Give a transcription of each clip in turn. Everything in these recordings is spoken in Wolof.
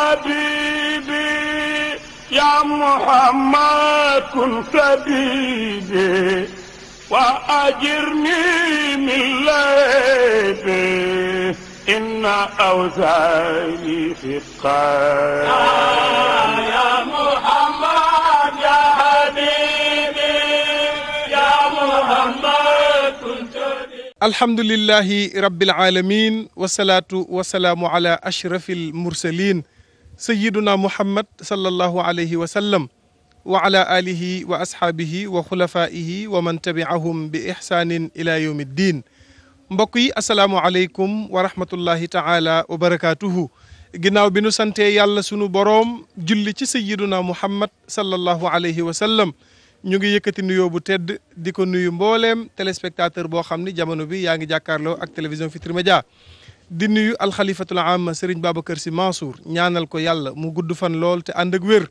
حبيبي يا محمد كن سبيبي وأجرني من ليبي إن أوزاني في القلب يا محمد يا حبيبي يا محمد كنت الحمد لله رب العالمين والصلاة والسلام على أشرف المرسلين sayiduna muhammad sallallahu alayhi wa sallam wa ala wa asxaabihi wa xulafaihi wa man tabiahum bi ixsaanin ila yawmi ddin mbokk yi asalaamualeykum wa rahmatullahi taala wa barakaatuhu ginnaaw bi nu santee yàlla sunu borom julli ci sayiduna muhammad sallallahu alayhi wa sallam ñu ngi yëkkati nuyoo bu tedd di ko nuyu mbooleem téléspectateur boo xam ni jamono bi yaa ngi jàkkaarloo ak télévision Futurs Médias di nuyu alxalifatul amma Serigne kër Sy Mansour ñaanal ko yàlla mu gudd fan lool te ànd ak wér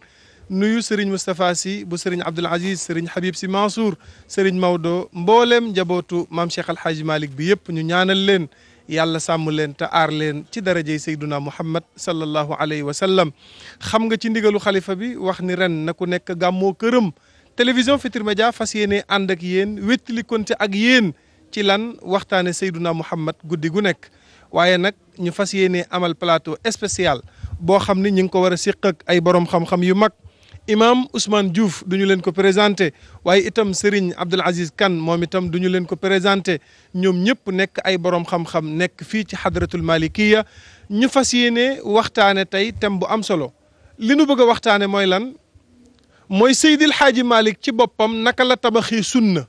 nuyu Serigne Moustapha Sy bu Serigne Abdoul Aziz Serigne Habib Sy Mansour Serigne Maodo mbooleem njabootu maam Cheikh Al Hadj bi yëpp ñu ñaanal leen yàlla sàmm leen te aar leen ci darajey sayduna muhammad sallallahu alayhi wa sallam xam nga ci ndigalu xalifa bi wax ni ren na ku nekk gàmmoo këram télévision Futurs Médias fas yéene ànd ak yéen wéttali konte ak yéen ci lan waxtaane sayduna muhammad guddi gu nekk waaye nag ñu fas yéene amal plateau spécial boo xam ni ñu ngi ko war a siq ay borom xam-xam yu mag imaam Ousmane Diouf duñu leen ko présenté waaye itam Serigne Abdoul Aziz Kane moom itam duñu leen ko présenté ñoom ñëpp nekk ay borom xam-xam nekk fii ci xadratul malikiya ñu fas yéene waxtaane tey thème bu am solo li nu bëgg a waxtaane mooy lan mooy Seydil Xaaji Malik ci boppam naka la tabaxi sunna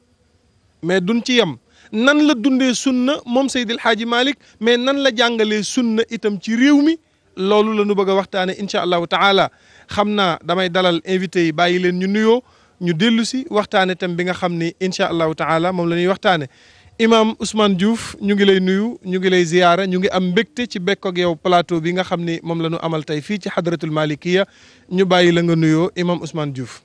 mais duñ ci yem nan la dundee sunna moom Seydil Hadji Malick mais nan la jàngalee sunna itam ci réew mi loolu la ñu bëgg a waxtaane incha allahu taala xam naa damay dalal invité yi bàyyi leen ñu nuyoo ñu dellu si waxtaane tam bi nga xam ni incha allahu taala moom la ñuy waxtaane imam Ousmane Diouf ñu ngi lay nuyu ñu ngi lay ziyaara ñu ngi am mbégte ci bekk ak yow plateau bi nga xam ni moom la ñu amal tey fii ci xadratul malikiya ñu bàyyi la nga nuyoo imam Ousmane Diouf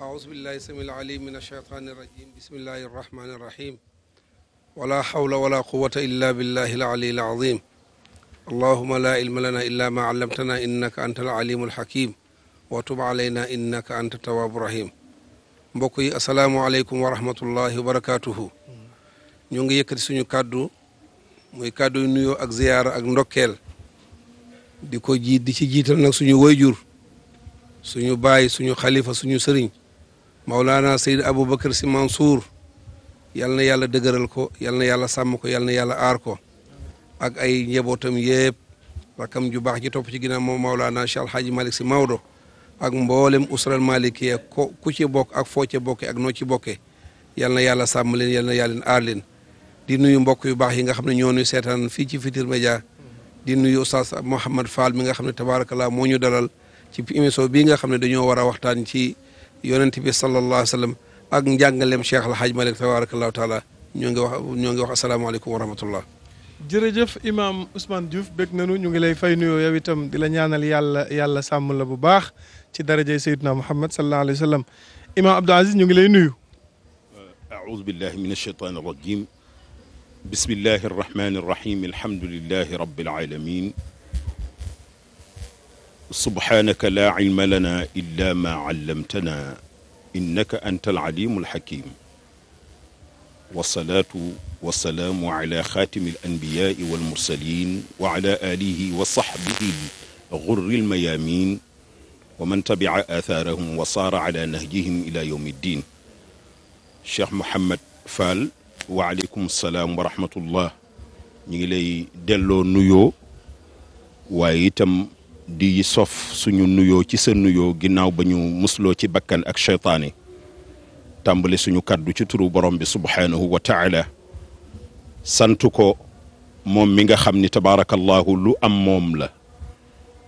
aousubillahi samil alim min alcheytan irajim bismillahi arrahmani irrahim ولا حول ولا قوة إلا بالله العلي العظيم اللهم لا علم لنا إلا ما علمتنا إنك أنت العليم الحكيم وتب علينا إنك أنت التواب الرحيم mbokk yi asalaamualeykum wa rahmatullahi wa barakaatuhu ñu ngi yëkkati suñu kàddu muy kàddu yu nuyoo ak ziyaara ak ndokkeel di ko ji di ci jiital nag suñu wayjur suñu baay suñu xalifa suñu sëriñ maulana Seyd Aboubacar Sy Mansour yal na yàlla dëgëral ko yal na yàlla sàmm ko yal na yàlla aar ko ak ay njabootam yëpp rakam ju baax ji topp ci ginnaaw moom Maulana Cheikh Alhaji Malick si Maodo ak mboolem usral malikiya ko ku ci bokk ak foo ci bokke ak noo ci bokke yal na yàlla sàmm leen yal na yàlla aar leen di nuyu mbokk yu baax yi nga xam ne ñoo nuy seetaan fii ci Futurs Médias di nuyu Oustaz Mouhamed Fall mi nga xam ne tabaarakallah moo ñu dalal ci émission bii nga xam ne dañoo war a waxtaan ci yonent bi sallallahu alayhi wa ak njàngaleem Cheikh El Hadj Malick tabarakallahu taala ñoo ngi wax ñoo ngi wax asalaamaaleykum wa rahmatullah jërëjëf imaam Ousmane Diouf bég nanu ñu ngi lay fay nuyoo yow itam di la ñaanal yàlla yàlla sàmm la bu baax ci darajay Seydina Muhammad sallallahu alayhi wa sallam imaam Abdou Aziz ñu ngi lay nuyu aoudu billahi min alsheytaan arrajim bismillahi arrahmani arrahim alhamdulilahi rabbil alamin subhanaka la ilma lana illa ma allamtana innaka anta alalimu alxakim wasalaatu wasalaamu ala xaatimi alanbiyaai walmursalin wa ala alihi wa saxbihi alxurri almayamin wa man tabia aathaarahum wa saara ala nahjihim ila yowm ddin Cheikh Mouhamed Fall waaleykum salaam wa rahmatullah ñu ngi lay delloo nuyoo waaye itam di sof suñu nuyoo ci sa nuyoo ginnaaw ba ñu musloo ci bakkan ak cheytaani tàmbali suñu kàddu ci turu borom bi subhaanahu wa taala sant ko moom mi nga xam ni tabaarakallahu lu am moom la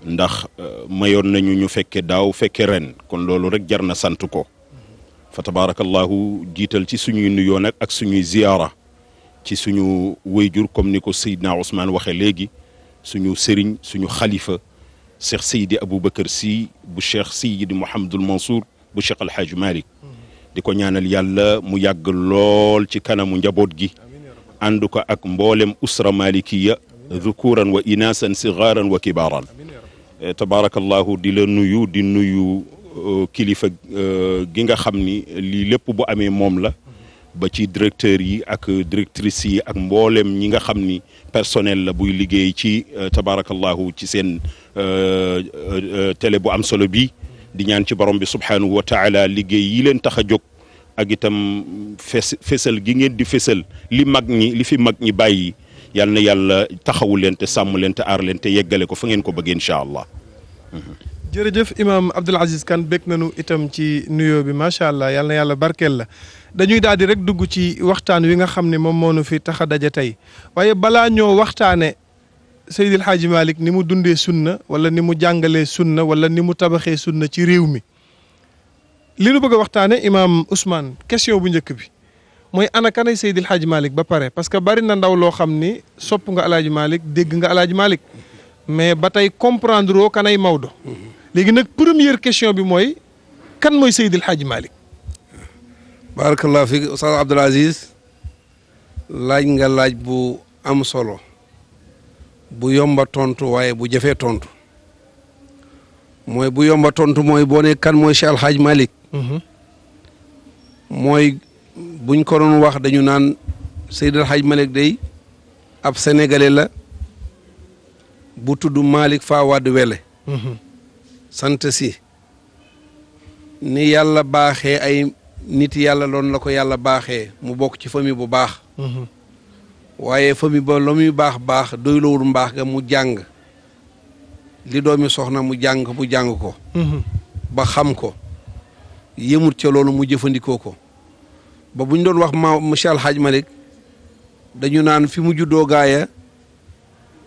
ndax euh, mayoon nañu ñu fekke daaw fekke ren kon loolu rek jar na sant ko fa tabaarakallahu jiital ci suñuy nuyoo nag ak suñuy ziyaara ci suñu wéyjur comme ni ko Seydina Ousmane waxe léegi suñu sëriñ suñu xalifa cheikh Seydi Aboubacar Sy bu cheikh Seydi Mouhamadul Mansour bu cheikh El Hadj di ko ñaanal yàlla mu yàgg lool ci kanamu njaboot gi ànd ko ak mboolem usra malikiya dhukuran wa inasan sigaran wa kibaran eh, tabarakallahu di la nuyu di nuyu euh, kilifa euh, gi nga xam ni lii lépp bu amee moom la ba ci directeur yi ak directrice yi ak mboolem ñi nga xam ni personnel la buy liggéey ci euh, tabarakallahu ci seen euh, euh, télé bu am solo bi di ñaan ci borom bi subhanahu wa taala liggéey yi leen tax a jóg ak itam fes fesal gi ngeen di fesal li mag ñi li fi mag ñi bàyyi yal na yàlla taxawu leen te sàmm leen te aar leen te yeggale ko fa ngeen ko bëgg incha allah. jërëjëf imaam Abdoul Aziz nañu itam ci nuyoo bi macha allah yal na yàlla barkeel la. dañuy daal di rek dugg ci waxtaan wi nga xam ne moom moonu fi tax a daje tey waaye balaa ñoo waxtaane Seydil Hadji Malick ni mu dundee sunna wala ni mu jàngalee sunna wala ni mu tabaxee sunna ci réew mi li nu bëgg a waxtaane imaam usmaan question bu njëkk bi mooy ana kanay Seydil Hadji Malick ba pare parce que bari na ndaw loo xam ni sopp nga Alaaji Malick dégg nga Alaaji Malick mais ba tey comprendre oo kanay Maodo mm-hmm. léegi nag première question bi mooy kan mooy Seydil Hadji barakallahu fi Oustaz laaj nga laaj bu am solo bu yomba tontu waaye bu jafee tontu mooy bu yomba tontu mooy boo ne kan mooy Cheikh Al Hadj mhm. mooy buñ ko wax dañu naan Seydi Al Hadj Malick ab sénégalais bu tudd Malick Fawad Wele mhm. sant si ni yàlla baaxee ay nit yàlla loon la ko yàlla baaxee mu bokk ci famille bu baax waaye famille ba la muy baax baax doy lawul mbaax ga mu jàng li doomi soxna mu jàng mu jàng ko ba xam ko yëmut ca loolu mu jëfandikoo ko ba bu ñu doon wax ma monsieur Alhaaj Malick dañu naan fi mu juddoo gaaya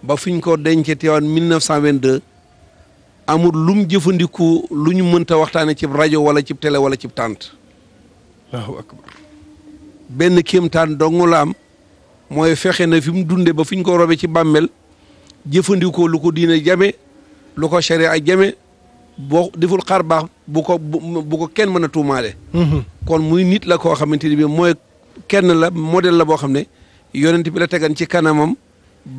ba fi ñu ko dencee teewoon 1922 amul lum jëfandikoo lu ñu mënta waxtaane ci rajo wala ci télé wala ci tànt allahu akbar benn kéemtaan dong la am mooy fexe na fi mu dunde ba fi ñu ko robe ci bàmmeel jëfandikoo lu ko diine jame lu ko sharia ay jame boo deful xar baax bu ko bu ko kenn mën a tuumaale mhm. kon muy nit la koo xamante ni bi mooy kenn la model la boo xam ne yonent bi la tegan ci kanamam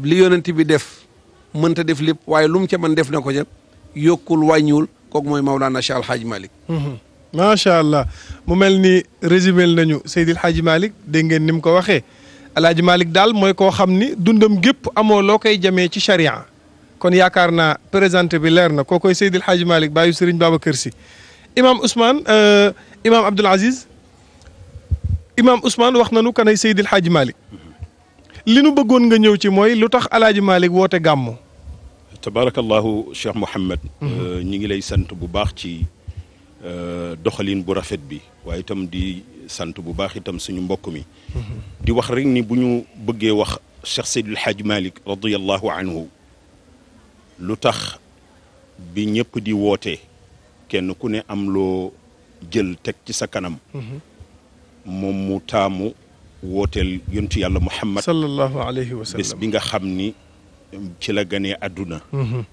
li yonent bi def mënta def lépp waaye lu mu ca mën def na ko ca yokkul wàññiwul kook mooy Mawlaana Cheikh Al Hadj macha allah mu mel ni résumé nañu Seydil Hadji Malick dégg ngeen ni mu ko waxee Alaaji Malick daal mooy koo xam ni dundam gépp amoo loo koy jamee ci charia kon yaakaar naa présenté bi leer na koo koy Seydil Hadji Malick bàyyi Serigne Babacar Sy imaam Ousmane euh, imaam Abdoul Aziz imaam Ousmane wax nañu kanay Seydil Hadji Malick li nu bëggoon nga ñëw ci mooy lu tax Alaaji Malick woote gàmmu tabaarakallahu Cheikh Mouhamed. Mhm. Euh, ñu ngi lay sant bu baax ci. Euh, doxalin bu rafet bi waaye tam di sant bu baax tam suñu mbokk mi mhm. di wax rek ni bu ñu bëggee wax Cheikh Seydil Hadj Malick radiallahu anhu lu tax bi ñëpp di woote kenn ku ne am loo jël teg ci sa kanam mhm. moom mu taamu wooteel yontu yàlla Muhammad sallallahu alayhi wa bi nga xam ni ci la ganee àdduna mhm.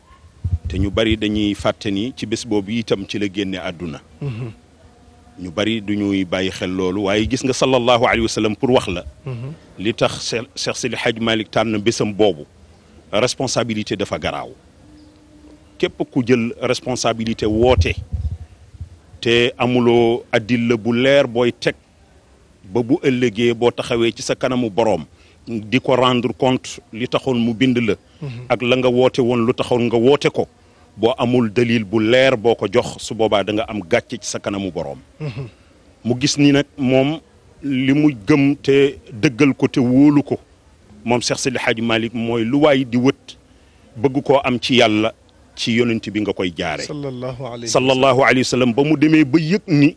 te ñu bari dañuy fàtte ni ci bés boobu itam ci la génne àdduna mhm. ñu bari du ñuy bàyyi xel loolu waaye gis nga sallallahu alayhi wa pour wax la mhm. li tax Cheikh Sidi Hadj Malick tànn bésam boobu responsabilité dafa garaaw képp ku jël responsabilité woote te amuloo addil la bu leer booy teg ba bu ëllëgee boo taxawee ci sa kanamu boroom di ko rendre compte li taxul mu bind la ak la nga woote woon lu taxaw nga woote ko boo amul dalil bu leer boo ko jox su boobaa da nga am gàcce ci sa kanamu boroom mu gis ni nag moom li mu gëm te dëggal ko te wóolu ko moom Cheikh Sidi Hadj Malick mooy lu waay di wët bëgg koo am ci yàlla ci yonent bi nga koy jaare sallallahu alayhi wa sallam ba mu demee ba yëg ni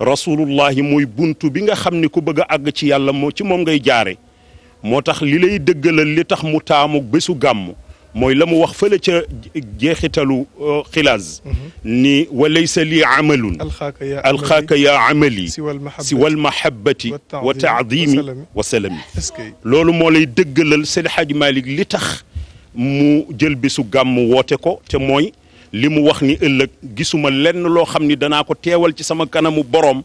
rasulullahi mooy buntu bi nga xam ne ku bëgg a àgg ci yàlla moo ci moom ngay jaare moo tax li lay dëggalal li tax mu taamu bésu gàmm mooy la mu wax fële ca jeexitalu euh, xilaas mhm. ni wa laysa lii amalun alxaaka yaa amali si wal mahabati wa taadimi wa salami loolu moo lay dëggalal Seydi Hadji Malick li tax mu jël bésu gàmm woote ko te mooy li mu wax ni ëllëg gisuma lenn loo xam ni danaa ko teewal ci sama kanamu boroom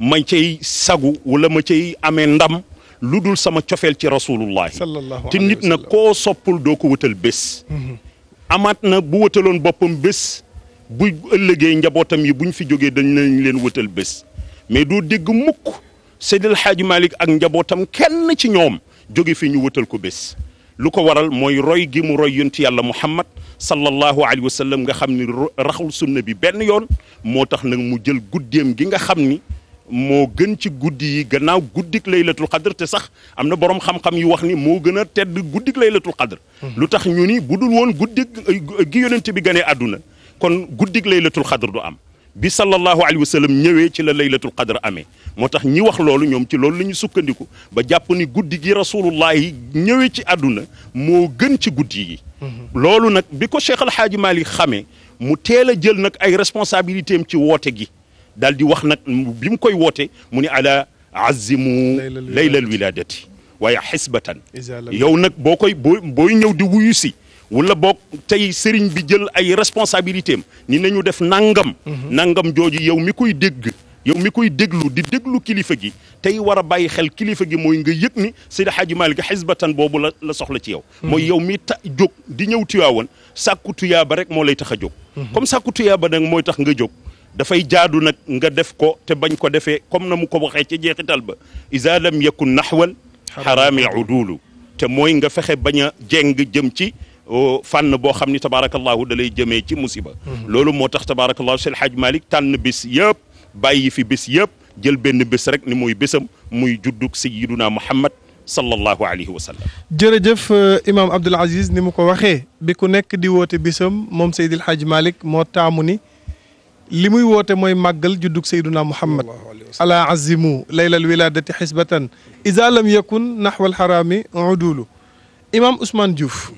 ma cay sagu wala ma cay amee ndam lu dul sama cofeel ci rasulullah te nit na koo soppul doo ko wutal bés mm-hmm. amaat na bu wutaloon boppam bés bu ëllëgee njabootam yi bu ñu fi jógee dañ nañ leen wutal bés mais doo dégg mukk Seydil Hadji malik ak njabootam kenn ci ñoom jóge fi ñu wutal ko bés lu ko waral mooy roy gi mu roy yonent yàlla muhammad sallallahu alayhi wa nga xam ni raxul sunna bi benn yoon moo tax nag mu jël guddeem gi nga xam ni moo gën ci guddi yi gannaaw guddik laylatul xadr te sax am na borom xam-xam yu wax ni moo gën a tedd guddik laylatul xadr hmm. lu tax ñu ni bu dul woon guddik gi yonent bi ganee àdduna kon guddik laylatul xadr du am bi sallallahu alayhi wa sallam ñëwee ci la laylatul qadr amee moo tax ñi wax loolu ñoom ci loolu la ñu sukkandiku ba jàpp ni guddi gi rasulullahi ñëwee ci àdduna moo gën ci guddi yi hmm. loolu nag bi ko Cheikh Al Hadj Malick mu teel a jël nag ay responsabilité ci woote gi daal di wax nag bi mu koy woote mu ni ala azimu laylal wiladati waaye xisbatan yow nag boo koy boo booy ñëw di wuyu si wala boo tey sëriñ bi jël ay responsabilité am ni nañu def nangam mhm. nangam jooju yow mi koy dégg yow mi koy déglu di déglu kilifa gi tey war a bàyyi xel kilifa gi mooy nga yëg ni Seydi Hadji Malick xisbatan boobu la la soxla ci yow mhm. mooy yow mi ta jóg di ñëw ti Tiwaawan sàkku tuyaaba rek moo lay tax a jóg mhm. comme sàkku tuyaaba nag mooy tax nga jóg dafay jaadu nag nga def ko te bañ ko defee comme na mu ko waxee ci jeexital ba isa lam yakun naxwal xaraami udulu te mooy nga fexe bañ a jeng jëm ci fànn boo xam ni tabaarakallahu da lay jëmee ci musiba hmm. loolu moo tax tabaarakallahu Seydi El Hadj Malick tànn bis yëpp bàyyi fi bis yëpp jël benn bés rek ni muy bésam muy juddug sayyiduna Muhammad sallallahu alayhi wa sallam jërëjëf euh, imaam ni mu ko waxee bi nekk di woote bésam moom Seydi El Hadj Malick moo taamu ni li muy woote mooy màggal juddug sayduna muhammad ala azimu laylal wiladati xisbatan isa lam yakun naxwal xaraami udulu imaam Ousmane Diouf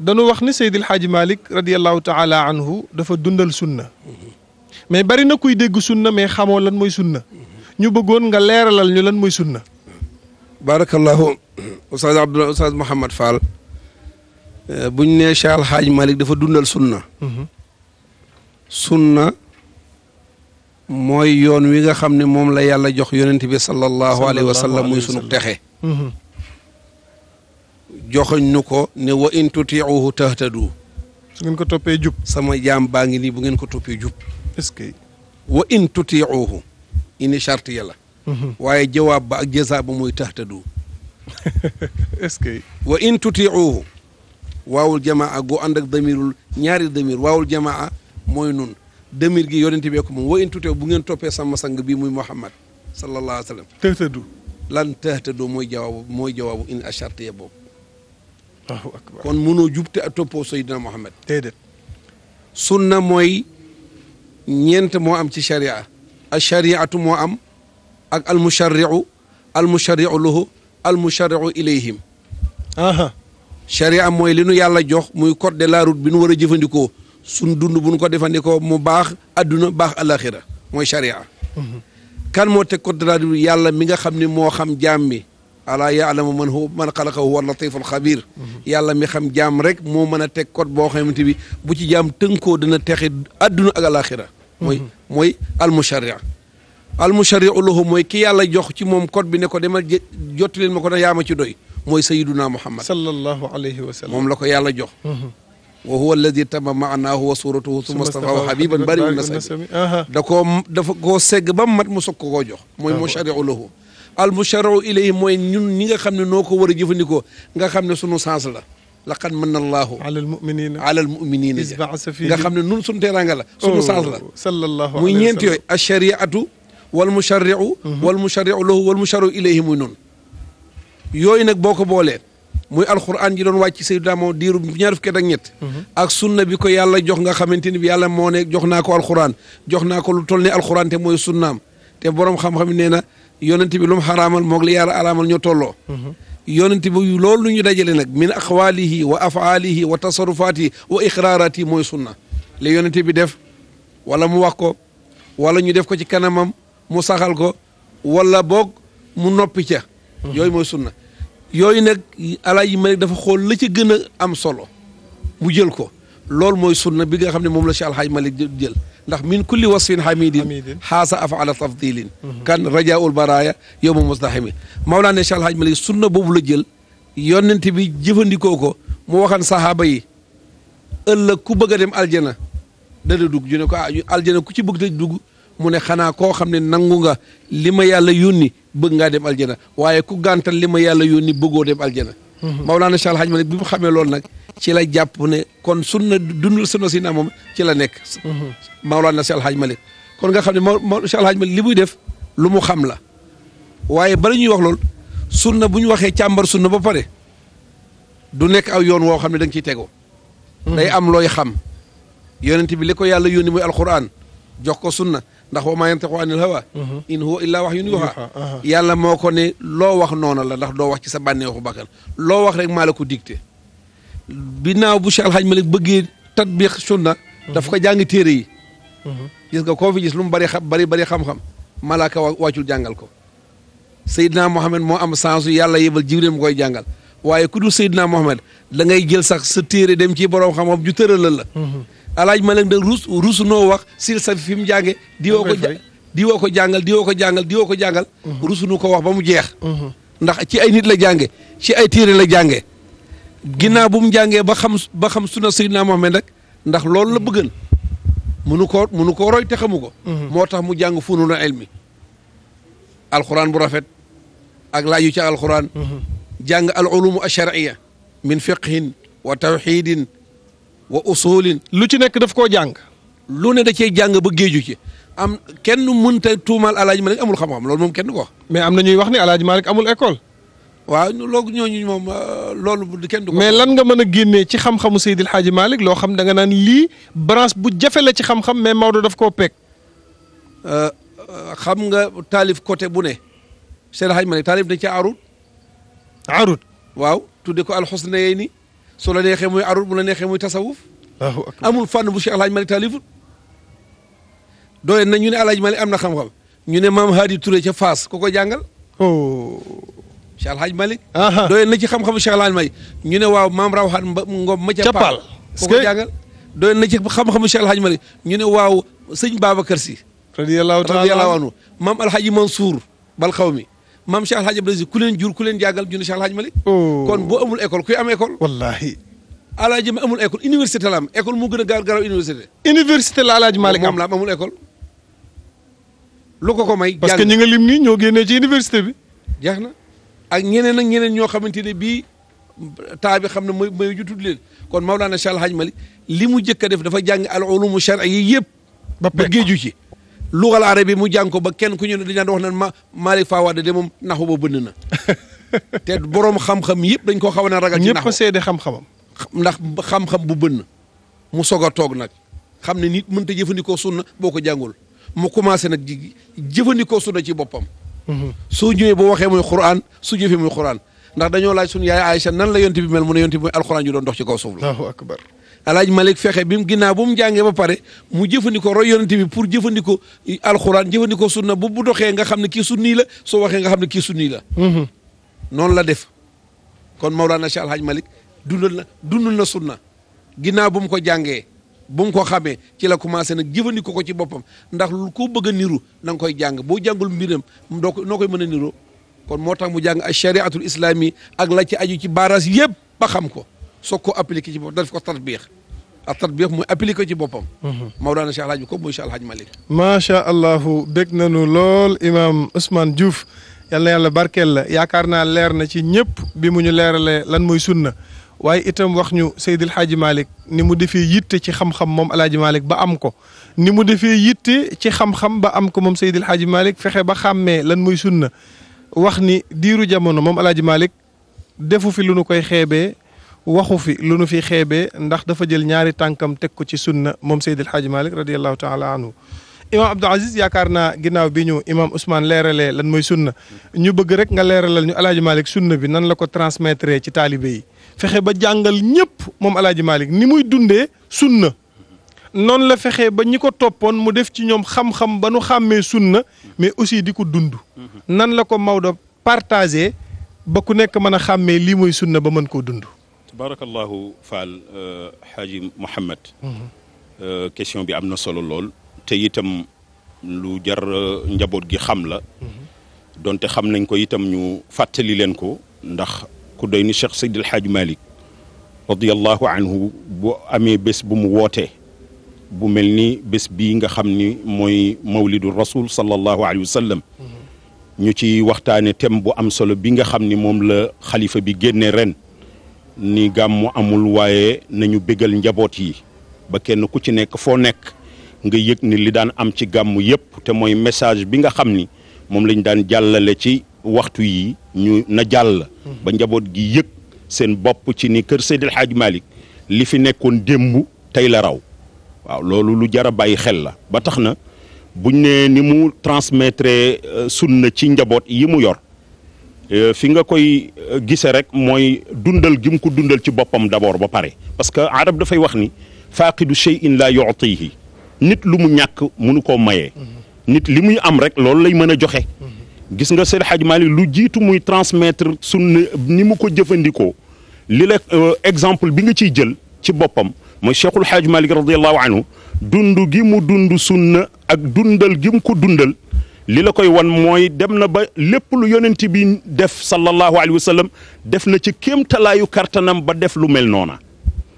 dañu wax ni Seydil Hadji Malick radiallahu taala anhu dafa dundal sunna mais bari na kuy dégg sunna mais xamoo lan mooy sunna ñu bëggoon nga leeralal ñu lan mooy sunna barakallahu eh, ne Cheikh Alhaaji dafa dundal sunna mhm. sunna mooy yoon wi nga xam ne moom la yàlla jox yonent bi sallallahu alayhi wa sallam muy sunu texe mhm. joxoñ nu ko ne wa in tutiuhu tahtadu su ngeen ko toppee jub sama jaam baa ngi nii bu ngeen ko toppee jub est-ce wa in tutiuhu ini charte mhm. waaye jawaab ba muy tahtadu est-ce que wa in tutiuhu waawul jamaa gu ànd ak damirul ñaari damir waawul jamaa mooy nun demir gi yonente ko moom wa in tutee bu ngeen toppee sama sang bii muy Muhammad sallallahu alayhi wa lan tëhtadu mooy jawaabu mooy jawaabu in achartiye boobu kon mënoo jubte ak toppoo Seydina Muhammad sunna mooy ñeent moo am ci sharia al shariatu moo am ak al musharriu al musharriu lahu al musharriu ilayhim aha sharia mooy li yàlla jox muy code de la route bi nu war a jëfandikoo suñ dund buñ ko defandikoo mu baax adduna baax alaxira mooy charia kan moo teg kot dara du yàlla mi nga xam ne moo xam jaam mi alaa yaalamu man hu man xalaqa huwa latiful xabir yàlla mi xam jaam rek moo mën a teg code boo xamante bi bu ci jaam tënkoo dina texe adduna ak alaxira mooy mooy almusharia almusharia lahu mooy ki yàlla jox ci moom code bi ne ko demal jotti leen ma ko ne ma ci doy mooy sayiduna muhammad sallallahu alayhi wa sallam moom la ko yàlla jox mm-hmm. wa huwa alladi tama maanaahu wa suratuhu summa stafahu habiban bari un nasami da koo dafa koo segg ba mat mu soog ko koo jox mooy mushariu lahu al mushariu ilayhi mooy ñun ñi nga xam ne noo ko war a jëfandikoo nga xam ne sunu sens la laqad manna allahu ala almuminina ala almuminina nga xam ne nun sunu teraanga la sunu oh, sens la sallallahu muy ñeent yooyu alchariatu wal mushariu mhm. wal mushariu lahu wal mushariu ilayhi muy noonu yooyu nag boo ko boolee muy alxuraan ji doon wàcc Seydina moom diiru ñaar fukki at ak ñett ak sunna bi ko yàlla jox nga xamante ni bi yàlla moo ne jox naa ko alxuraan jox naa ko lu toll ne alxuraan te mooy sunnaam te borom xam-xam nee na yonent bi lu mu xaraamal moog li yàlla araamal ñoo tolloo yonent bi loolu lu ñu dajale nag min aqwaalihi wa afaalihi wa tasarufaatihi wa iqraaraatihi mooy sunna li yonent bi def wala mu wax ko wala ñu def ko ci kanamam mu saxal ko wala boog mu noppi mooy sunna yooyu nag alaaji Malick dafa xool la ci gën a am solo mu jël ko loolu mooy sunna bi nga xam ne moom la si alxaaj Malick jël ndax min kulli wasfin hamidin xaasa afaala tafdilin mhm. kan rajaul baraya yow ma mustahimi maolaa ne si alxaaj Malick sunna boobu la jël yonent bi jëfandikoo ko mu waxan sahaaba yi ëllëg ku bëgg a dem aljana dana dugg ñu ko ah aljana ku ci bëgg te dugg mu ne xanaa koo xam ne nangu nga lima ma yàlla yónni bëgg ngaa dem aljana waaye ku gàntal li ma yàlla yónni bëggoo dem aljana mhm. Mawlaana Cheikh Al ma Malick bi mu xamee loolu nag ci la jàpp ne kon sunna dundal sunna si naa moom ci la nekk mhm. Mawlaana Cheikh Al ma Malick kon nga xam ne Mawlaana Cheikh Al Hadj Malick li muy def lu mu xam la waaye bala ñuy wax loolu sunna bu ñu waxee càmbar sunna ba pare du nekk aw yoon woo xam ne da nga ciy tegoo mhm. day am looy xam yonent bi li ko yàlla yónni muy alquran jox ko sunna ndax wa maa yantiqu anil hawa mhm. in huwa illaa wahyun yuuhaa yàlla moo ko ne loo wax noona la ndax doo wax ci sa bànneexu bakkan loo wax rek maa la ko dicté binaaw bu Cheikh Alhaj Malick bëggee tatbiq sunna daf ko jàng téere yi mhm. gis ko fi gis lu mu bari bari bari xam-xam malaaka wàccul jàngal ko Seydina Mohamed moo am sansu yàlla yebal Jibril mu koy jàngal waaye ku dul Seydina Mohamed da ngay jël sax sa téere dem ci borom xam-xam ju tëralal la mhm. alaaj Malick nag ruus ruus noo wax sil sa fi mu jànge di woo ko di woo ko jàngal di ko jàngal di ko jàngal mhm. nu ko wax ba mu jeex mhm. ndax ci ay nit la jànge ci ay tiire la jànge ginnaaw bu mu jàngee ba xam ba xam sunna Seydina Muhammad rek ndax loolu la bëggan munu ko munu ko roy te xamu mhm. moo tax mu jàng funu na elmi alxuraan bu rafet ak laaju ci alxuraan jàng al ulumu ashariya min fiqhin wa tawxidin wa usulin lu ci nekk daf koo jàng lu ne da cee jàng ba géeju ci am kenn mënta tuumaal alaaji Malick amul xam-xam loolu moom kenn ko wax. mais am na ñuy wax ne alaaji Malick amul école. waaw loolu ñooñu moom euh, loolu kenn du mais lan nga mën a génnee ci xam-xamu Seydil Hadji Malick loo xam da nga naan lii branche bu jafe la ci xam-xam mais Maodo daf koo peeg. Euh, euh, xam nga taalif côté bu ne Seydil Hadji Malick taalif na ci arut. arut waaw tudde ko alxusna yey ni su la neexee muy bu la neexee muy tasawuf amul fànn bu Cheikh Alhaji Malick taalifut doole na ñu ne Alhaji Malick am na xam-xam ñu ne maam Hadi Touré ca Faas ku ko jàngal oh. Cheikh Alhaji Malick doole na ci xam-xamu Cheikh ñu ne waaw maam Rawxaan Ngom ma ca Paal ku ko jàngal doole na ci xam-xamu Cheikh Alhaji Malick ñu ne waaw sëñ Babacar Si radiyallahu taala anhu maam Alhaji Mansour bal xaw mi maam Cheikh Al Hadj Abdoulaye ku leen jur ku leen jàngal junne Cheikh Al Hadj Malick oh. kon boo amul école kuy am école. wallaahi. Alaaji ma amul école université la am école moo gën a gaaw garaaw université. université la Alaaji Malick am la amul école. lu ko ko may. parce ni ñi nga lim nii ñoo génnee ci université bi. jeex na ak ñeneen ak ñeneen ñoo xamante ne bii taa bi xam ne mooy mooy ju tudd leen kon Maulana Cheikh Al Hadj Malick li mu jëkk a def dafa jàng al ulumu charia yi yëpp. ba géeju ci. luxal arabi mu jàng ko ba kenn ku ñu ne dañu daan wax naan ma Malick Fawade demoom moom naxu ba bënn na te borom xam-xam yëpp dañ koo xaw a ragal. ci naxu ñëpp seede xam-xamam. ndax xam-xam bu bënn mu soog a toog nag xam ne nit mënta jëfandikoo sunna boo ko jàngul mu commencé nag ji jëfandikoo sunna ci boppam. Mhm. soo ñëwee boo waxee muy Qur'an su jëfee muy Qur'an ndax dañoo laaj suñu yaay Aïcha nan la yonti bi mel mu ne yonti bi mooy alxuraan ju doon dox ci kaw suuf la. alaaj Malick fexe bi mu ginnaaw bu mu jàngee ba pare mu jëfandikoo roy yonent bi pour jëfandikoo alxuraan jëfandikoo sunna bu bu doxee nga xam ne kii sunni la soo waxee nga xam ne kii sunni la. Mm-hmm. noonu la def kon Maulana Cheikh Alhaaj Malick dundal na dundal na sunna ginnaaw bu mu ko jàngee bu mu ko xamee ci la commencé nag jëfandikoo ko ci boppam ndax lu ko bëgg niru na nga koy jàng boo jàngul mbiram doo noo koy mën a niroo kon moo tax mu jàng ak chariatul islami ak la ci aju ci baaraas yëpp ba ko. soog ko appliqué ci boppam daf ko tatbiix ak tatbiix mooy appliqué ci boppam. Mhm. Mawlana Cheikh Alhaji ko mooy Cheikh Alhaji macha allah bég nañu lool imaam Ousmane Diouf yal na yàlla barkeel la yaakaar naa leer na ci ñëpp bi mu ñu leeralee lan mooy sunna waaye itam wax ñu Seydil Hadji Malick ni mu defee yitte ci xam moom Alhaji Malick ba am ko ni mu defee yitte ci xam ba am ko moom Seydil Hadji Malick fexe ba xàmmee lan mooy sunna wax ni diiru jamono moom Alhaji malik defu fi lu nu koy xeebee waxu fi lu nu fi xeebee ndax dafa jël ñaari tànkam teg ko ci sunna moom Seydil Hadji Malick radiyallahu taala anhu imam Abdou Aziz yaakaar naa ginnaaw bi ñu imam Ousmane leeralee lan mooy sunna ñu bëgg rek nga leeralal ñu alaaji Malick sunna bi nan la ko transmettre ci taalibe yi fexe ba jàngal ñëpp moom alaaji Malick ni muy dundee sunna noonu la fexe ba ñu ko toppoon mu def ci ñoom xam-xam ba nu xàmmee sunna mais aussi di ko dund mhm. nan la ko Maodo partagé ba ku nekk mën a xàmmee lii mooy sunna ba mën koo dund barakallahu Fall Xaaji euh, Mouhamed. Euh, question bi am na solo lool te itam lu jar euh, njaboot gi xam la. donte xam nañ ko itam ñu fàttali leen ko ndax ku doy ni Cheikh Seydi El Hadj Malick amee bés bu mu woote bu mel ni bés bi nga xam ni mooy mawlidu rasul sallallahu alayhi wa mhm. ñu ci waxtaane thème bu am solo bi nga xam ni moom la xalifa bi génne ren ni gàmmu amul waaye nañu bégal njaboot yi ba kenn ku ci nekk foo nekk nga yëg ni li daan am ci gàmmu yëpp te mooy message bi nga xam ni moom lañ daan jàllale ci waxtu yi ñu na jàll ba njaboot gi yëg seen bopp ci ni kër sedd Hadj Malick li fi nekkoon démb tey la raw waaw loolu lu jar a bàyyi xel la ba tax na buñ ne ni mu euh, sun na ci njaboot yi mu yor Euh, fi nga koy euh, gisee rek mooy dundal gi ku dundal ci boppam d'abord ba pare parce que arab dafay wax ni faaqidu shay'in la yu'tihi nit lu mu ñàkk munu koo mayee mhm. nit li muy am rek loolu lay mën a joxe mhm. gis nga Seydi Hadji Malick lu jiitu muy transmettre sunna ni mu ko jëfandikoo li la euh, exemple bi nga ciy jël ci boppam mooy Cheikhul Hadji Malick radiyallahu anhu dund gi mu dund sunna ak dundal gi mu ko dundal li la koy wan mooy dem na ba lépp lu yonent bi def sallallahu alayhi wa sallam def na ci kem kéemtalaayu kartanam ba def lu mel noona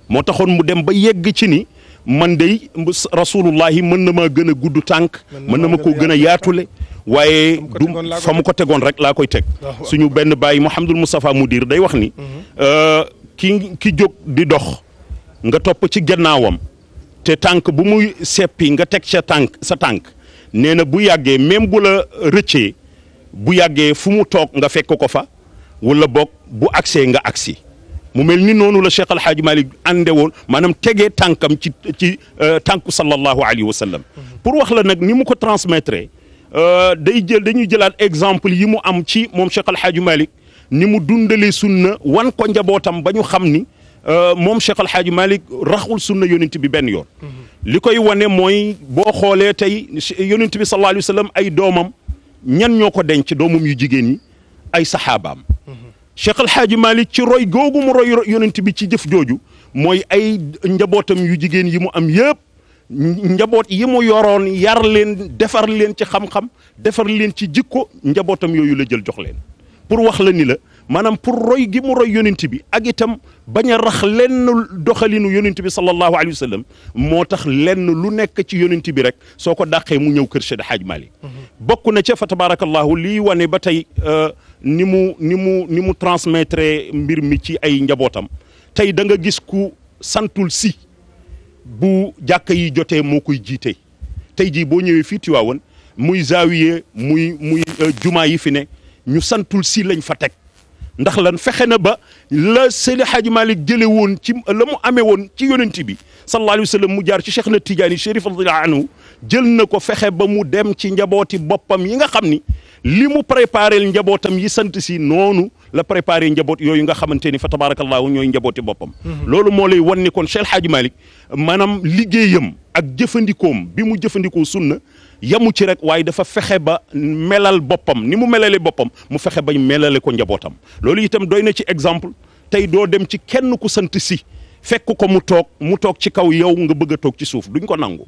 moo taxoon mu dem ba yegg ci ni man dey rasulullahi mën na ma gën a gudd tànk mën na ma ko gën a yaatule waaye du fa mu ko tegoon rek laa koy teg ah, suñu benn baay bàyyi Mouhamadul Moustapha Moudir day wax ni mhm. euh, ki jóg di dox nga topp ci gannaawam te tànk bu muy seppi nga teg sa tànk sa tànk nee na bu yàggee même bu la rëccee bu yàggee fu mu toog nga fekk ko fa wala boog bu agsee nga agsi mu mel ni noonu la Cheikh Al Hadj Malick ànde woon maanaam tegee tànkam ci ci euh, tànku sallallahu wa sallam. Mhm. pour wax la nag ni mu ko transmettre euh, day jël dañuy jëlaat exemple yi mu am ci moom Cheikh Al Hadj ni mu dundalee sunna wan ko njabootam ba ñu xam ni. Euh, moom Cheikh Al Hadj Malick raxul sunna yonent bi benn yoon. li koy wane mooy boo xoolee tey yonent bi sallallahu alayhi ay doomam ñan ñoo ko denc doomam yu jigéen ñi ay saxaabaam. Cheikh Al Hadj ci roy googu mu roy yonent bi ci jëf jooju mooy ay njabootam yu jigéen yi mu am yëpp. njaboot yi yoroon yar leen defar leen ci xam-xam defar leen ci jikko njabootam yooyu la jël jox leen pour wax la ni la maanaam pour roy gi mu roy yonent bi ak itam bañ a rax lenn doxalinu yonent bi sallallahu alayhi wa sallam moo tax lenn lu nekk ci yonent bi rek soo ko dàqee mu ñëw kër Seydi Hadj Malick bokk na ca fa tabarakallahu lii wane ba tey euh, ni mu ni mu ni mu mbir mi ci ay njabootam tey da nga gis ku santul si bu jàkka yi jotee moo koy jiite tey jii boo ñëwee fii Tiwaawan muy zaawiye muy muy euh, jumaa yi fi ne ñu santul si lañ fa teg ndax lan fexe na ba la Seydi Hadji Malick jële woon ci la mu amee woon ci yonent bi sallallahu alayhi wa sallam mu jaar ci Cheikh na Tidiane Chérif radiyallahu anhu jël na ko fexe ba mu dem ci njabooti boppam yi nga xam ni li mu préparé njabootam yi sant si noonu la préparé njaboot yooyu nga xamante ni fa tabarakallahu ñooy njabooti boppam mhm. loolu moo lay wan ni kon Cheikh Hadji Malick maanaam liggéeyam ak jëfandikoom bi mu jëfandikoo sunna yamu ci rek waaye dafa fexe ba melal boppam ni mu melale boppam mu fexe ba melale ko njabootam loolu itam doy na ci exemple tey doo dem ci kenn ku sant si fekk ko mu toog mu toog ci kaw yow nga bëgg a toog ci suuf duñ ko nangu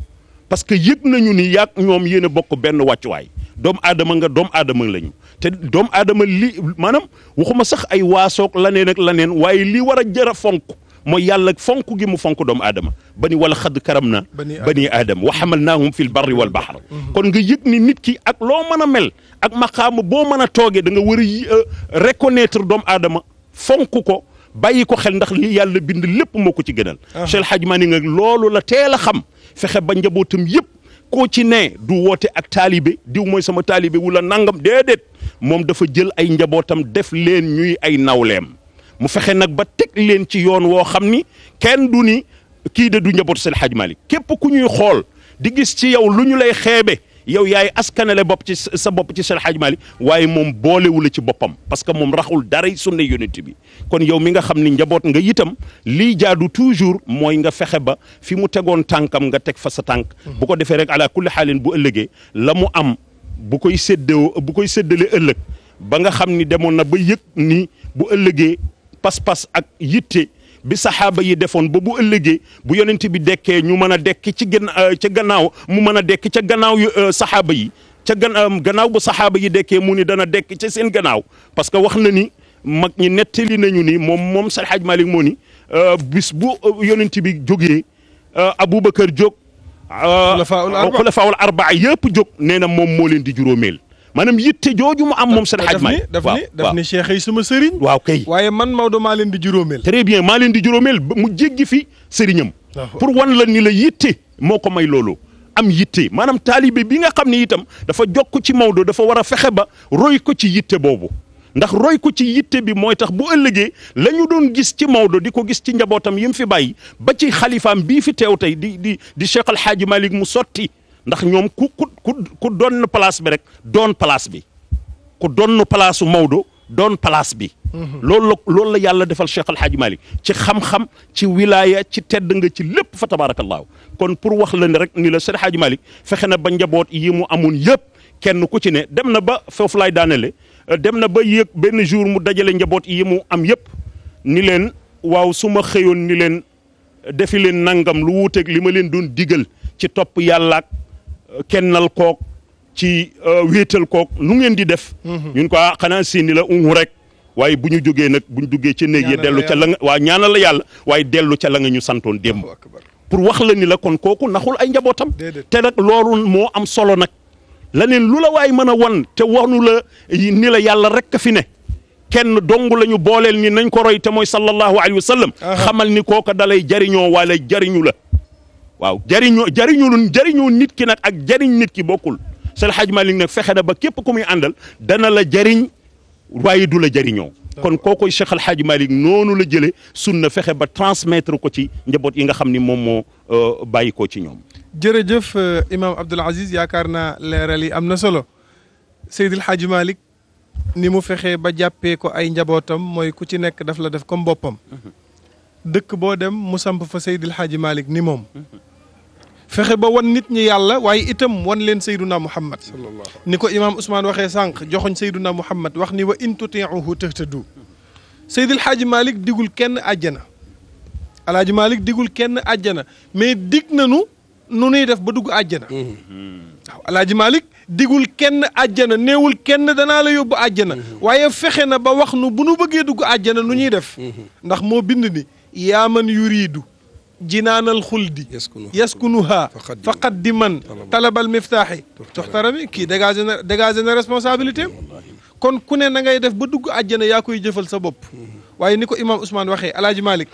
parce que yëg nañu ni yaag ñoom yéen a bokk benn wàccuwaay doom aadama nga doom aadama lañu te doom aadama li maanaam waxuma sax ay waasoog laneen ak laneen waaye lii war a jër a fonk mooy yàlla fonk gi mu fonk doomu aadama ba ni wala xadd karam na bani aadama wa xamal naahum fil barri wal bahr mhm. kon nga yëg ni nit ki ak loo mën a mel ak maqaama boo mën a toogee da nga war a euh, reconnaître doomu aadama fonk ko bàyyi ko xel ndax li yàlla bind lépp moo ko ci gënal ah. Cheikh ma ni nga loolu la teel a xam fexe ba njabootam yëpp koo ci ne du woote ak taalibe diw mooy sama taalibe wula nangam déedéet moom dafa jël ay njabootam def leen ñuy ay nawleem mu fexe nag ba teg leen ci yoon woo xam ni kenn du ni kii de du njaboot seen xaj Malick képp ku ñuy xool di gis ci yow lu ñu lay xeebe yow yaay askanale bopp ci sa bopp ci sel xaj Malick waaye moom boolewu la ci boppam parce que moom raxul dara sunna yonent bi kon yow mi nga xam ni njaboot nga itam lii jaadu toujours mooy nga fexe ba fi mu tegoon tànkam nga teg fa sa tànk. bu ko defee rek ala kulli xaalin bu ëllëgee la mu am bu koy séddoo bu koy séddalee ëllëg ba nga xam ni demoon na ba yëg ni bu ëllëgee. pas-pas ak yitte bi saxaaba yi defoon ba bu ëllëgee bu yonent bi dekkee ñu mën a dekk ci gën euh, ca gannaaw mu mën a dekk ca gannaaw yu euh, saxaaba yi ca euh, gannaaw bu saxaaba yi dekkee mu ni dana dekk ca seen gannaaw parce que wax na ni mag ñi nettali nañu ni moom moom Seydi Hadji Malick moo ni bis bu yonent bi jógee Aboubacar jóg xulafaawul arbaa yëpp jóg nee na moom moo leen di juróomeel maanaam yitte jooju mu am moom seen xaj maay daf ni daf ni cheikh sama sëriñ waaw kay waaye man Maodo maa leen di juróomeel très bien maa leen di juróomeel mu jéggi fi sëriñam ah, pour wan la ni la yitte moo ko may looloo am yitte maanaam taalibe bi nga xam ne itam dafa jokk ci Maodo dafa war a fexe ba roy ko ci yitte boobu ndax roy ko ci yitte bi mooy boo ëllëgee lañu doon gis ci Maodo di ko gis ci njabootam yi fi bàyyi ba ci xalifaam bii fi teew tey di di di Cheikh Alhaaji Malick mu sotti ndax ñoom ku ku ku ku doon place bi rek doon place bi ku doon place su Maodo doon place bi. Mhm. loolu la loolu la yàlla defal Cheikh Al Hadj ci xam-xam ci wilaya ci tedd nga ci lépp fa tabaarakallaahu kon pour wax la rek ni la Cheikh Al Hadj fexe na ba njaboot yi mu amoon yëpp kenn ku ci ne dem na ba foofu laay daanele dem na ba yéeg benn jour mu dajale njaboot yi mu am yëpp ni leen waaw su ma xëyoon ni leen defi leen nangam lu wuuteeg li ma leen doon digal ci topp yàlla kennal kook ci euh, wiital kook nu ngeen di def. Mhm. ñun ko ah, xanaa seeni la unhu rek. waaye bu ñu jógee nag bu ñu duggee ci néeg ya dellu ca la nga waaw ñaanal la yàlla waaye dellu ca la nga ñu santoon démb. pour wax la ni la kon kooku naxul ay njabootam. te nag loolu moo am solo nag. laneen lu la waay mën a wan te wanu la ni la yàlla rek fi ne. kenn dongu lañu booleel ni nañ ko roy te mooy sallallahu alayhi wa sallam. xamal ni kooka dalay jariñoo wala jariñu la. waaw jariñoo jariñu jariñoo nit ki nag ak jariñ nit ki bokkul Seydi Hadji Malick nag fexe na ba képp ku muy àndal dana la jariñ waaye du la jariñoo kon kooku Cheikh Al Hadj Malick noonu la jëlee sunna fexe ba transmettre ko ci njaboot yi nga xam ni moom moo euh, bàyyi ko ci ñoom. jërëjëf euh, imaam Abdoul Aziz yaakaar naa leeral yi am na solo Seydi El Hadj ni mu fexe ba jàppee ko ay njabootam mooy ku ci nekk daf la def comme boppam. Mhm. dëkk boo dem mu samp fa Seydi El malik Malick ni moom. Mhm. fexe ba wan nit ñi yàlla waaye itam wan leen sayduna muhammad ni ko imaam Ousmane waxee sànq joxoñ sayduna muhammad wax ni wa in tutiuhu tahtadu seydil xaaji malik digul kenn àjjana alaaji malik digul kenn àjjana mais dig nanu nu nuy def ba dugg àjjana mm-hmm. waaw digul kenn àjjana néewul kenn danaa la yóbbu àjjana mm-hmm. waaye fexe na ba wax nu bu nu bëggee dugg àjjana nu ñuy def mm-hmm. ndax moo bind ni yaa man yuriidu jinaanal xuldi yaskunuha faqat di man talabal miftaaxi toxtara kii dégagé na dégagé na responsabilité kon ku ne na ngay def ba dugg àjjana yaa koy jëfal sa bopp mm-hmm. waaye ni ko imaam Ousmane waxee alaaji Malick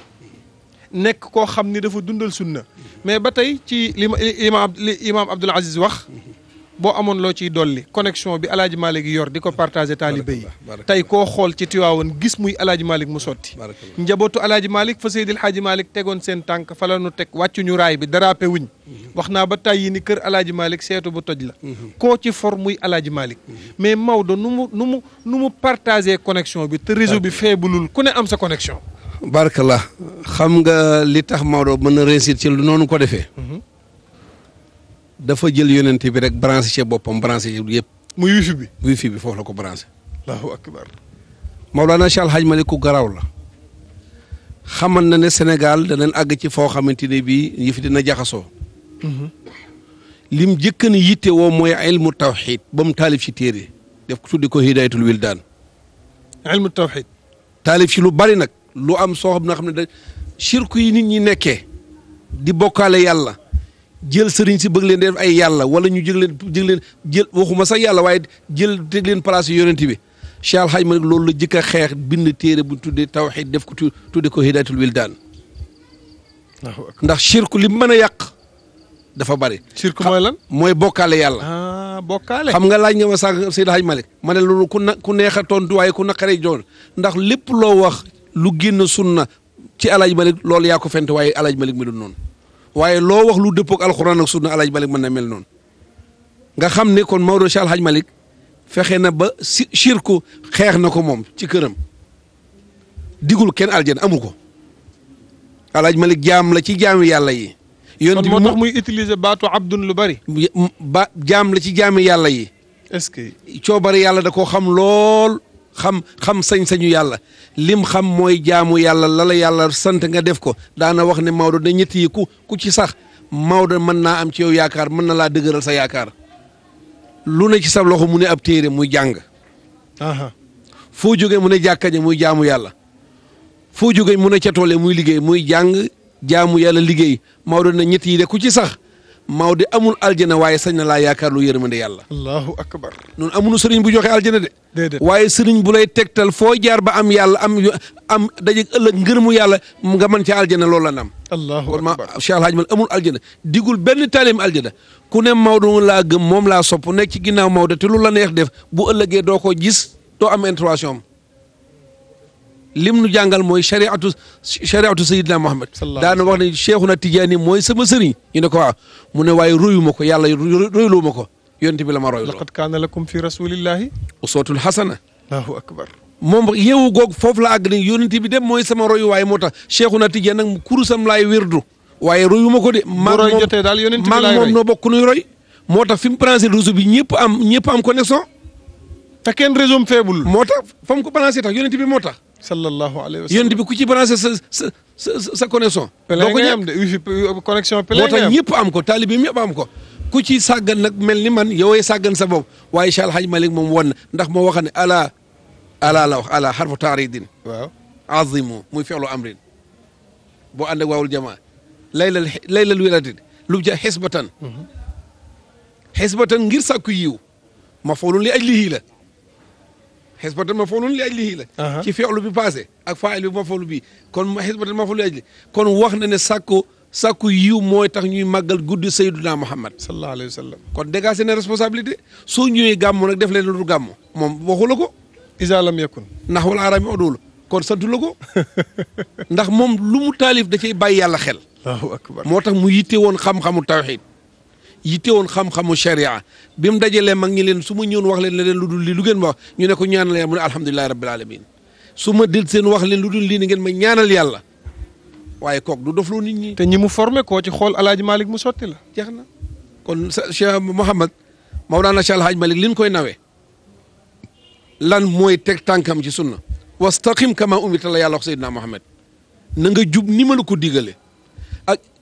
nekk koo xam ni dafa dundal sunna mm-hmm. mais ba tey ci li ma li imaam Abdoul wax mm-hmm. boo amoon loo ciy dolli connexion bi alaaji Malick yor di ko partagé taalibe yi tey koo xool ci Tiwaawoon gis muy alaaji Malick mu sotti njabootu alaaji Malick fa Seydil Haaji Malick tegoon seen tànk fa la nu teg wàccuñu raay bi darape wuñ mhm. wax naa ba tàyyi ni kër alaaji Malick seetu bu toj la mhm. koo ci for muy alaaji Malick mhm. mais Maodo nu mu nu mu nu mu partagé connexion bi te réseau bi feebulul ku ne am sa connexion barakallah xam nga li tax Maodo mën a réussir ci lu noonu ko defee dafa jël yonent bi rek branché ci boppam branché yëpp. mu wifi bi wifi bi foofu la ko branché. allahu akbar. Maulana Cheikh Al Hadj Malick ku garaaw la. xamal na ne Sénégal danañ àgg ci foo xamante ne bii yëf dina jaxasoo. Mhm. lim jëkk na yitte woo mooy ilmu tawxid ba mu taalif ci téere def ko tuddi ko hidayatul wildaan. ilmu tawxid. taalif ci lu bari nag lu am sooxam na xam ne da shirku yi nit ñi nekkee di bokkaale yàlla. jël sëriñ si bëgg leen def ay yàlla wala ñu jëg leen jëg leen jël waxuma sax yàlla waaye jël teg leen place yonent bi Cheikh Al Hadj loolu la jëkk a xeex bind téere bu tuddee tawxiid def ko tuddee ko hidayatul wildaan ndax shirku li mën a yàq dafa bari. shirku mooy lan mooy bokkaale yàlla. Ah, bokkaale. xam nga laaj nga ma sànq Seydi Hadj Malick ma ne loolu ku na ku neex a tontu waaye ku naqaree joon ndax lépp loo wax lu génn sunna ci Al Hadj Malick loolu yaa ko fent waaye Al Hadj Malick noonu. waaye loo wax lu dëppook alxuraan ak sunna alhaj malik mën na mel noon nga xam ne kon Maodo Cheikh alhaj malik fexe na ba si shirku xeex na ko moom ci këram digul kenn aljan amu ko alhaj malik jaam la ci jaami yàlla yi yoon moo tax muy utiliser baatu abdun lu bari ba jaam la ci jaami yàlla yi est-ce que coobare yàlla da koo xam lool xam xam sañ-sañu yàlla lim xam mooy jaamu yàlla la yàlla sant nga def ko daana wax ne Maodo da ñett yi ku ku ci sax Maodo mën naa am ci yow yaakaar mën na laa dëgëral sa yaakaar lu ne ci sa loxo mu ne ab téere muy jàng. foo jógee mu ne jàkka ja muy jaamu yàlla foo jógee mu ne ca toole muy liggéey muy jàng jaamu yàlla liggéey Maodo ne ñett yi de ku ci sax Maodo amul aljana waaye sañ na laa yaakaar lu yërmande yàlla. allahu akbar. noonu amunu sëriñ bu joxe aljana de. déedéet waaye sëriñ bu lay tegtal foo jaar ba am yàlla am am daje ëllëg ngërëmu yàlla nga mën ca aljana lool la am. allahu akbar kon Cheikh Alhaji man amul aljana digul benn taaleem aljana ku ne Maodo laa gëm moom laa sopp nekk ci ginnaaw Maodo te lu la neex def bu ëllëgee doo ko gis doo am intervention am lim nu jàngal mooy chariatu chariatu sayidina Muhammad daana wax ne cheikhuna Tijaani mooy sama sëriñ ñu ne ko waaw ah. mu ne waaye royu ma ko yàlla royuloo ma ko yonent bi la ma royuloo laqad kaana lakum fi rasulillahi uswatul hasana allahu akbar moom yeewu goog foofu la àgg ni yonent bi dem mooy sama royu waaye moo tax cheikhuna Tijaani nag kurusam laay wirdu waaye royu ma ko de maa roy daal yonent bi laay moom noo bokk nuy roy moo tax fi mu branché réseau bi ñëpp am ñëpp am connexion te kenn réseau faible moo tax fa mu ko branché tax yonent bi moo tax sallallahu alayhi wa sallam yéen bi sa sa sa sa connexion. doo ko ñam de wifi am ko taalibe ñëpp am ko. ku ci sàggan nag mel ni man yow ay sàggan sa bopp waaye Cheikh Alhaji Malick moom won na ndax moo wax ne ala ala la wax ala xarfu taaridin. waaw azimu muy fi'lu amrin boo ànd ak waawul jamaa laylal laylal wiladin lu ja xisbatan mhm. xisbatan ngir sàkku yiw ma li ajlihi xisbatan maf'ulun li ajlihi la ci fi'lu bi passé ak faa'il bi maf'ul bi kon ma maf'ulun li ajli kon wax na ne sàkku sàkku yiw mooy tax ñuy màggal guddi sayyiduna Muhammad sallallahu alayhi wa sallam kon dégagé na soo ñëwee gàmmu def leen lu gàmmu moom waxu la ko isa lam yakun ndax wala arami odul kon santu la ndax moom lu mu taalif da cay bàyyi yàlla xel moo tax mu yitte woon xam-xamu tawxiid yitte woon xam-xamu sharia bi mu dajalee mag ñi leen su ma ñëwoon wax leen ne lu dul lii lu ngeen wax ñu ne ko ñaanal yàlla mu ne alhamdulilahi rabbil su ma del seen wax leen lu dul lii ni ngeen ma ñaanal yàlla waaye kook du dofloo nit ñi. te ñi mu formé koo ci xool El Hadj Malick mu sotti la. jeex na kon Cheikh Mouhamad Mawlana Cheikh El Hadj Malick li ñu koy nawee lan mooy teg tànkam ci sunna wastaqim kama umirta la yàlla wax Seydina Mouhamed na nga jub ni ma la ko digalee.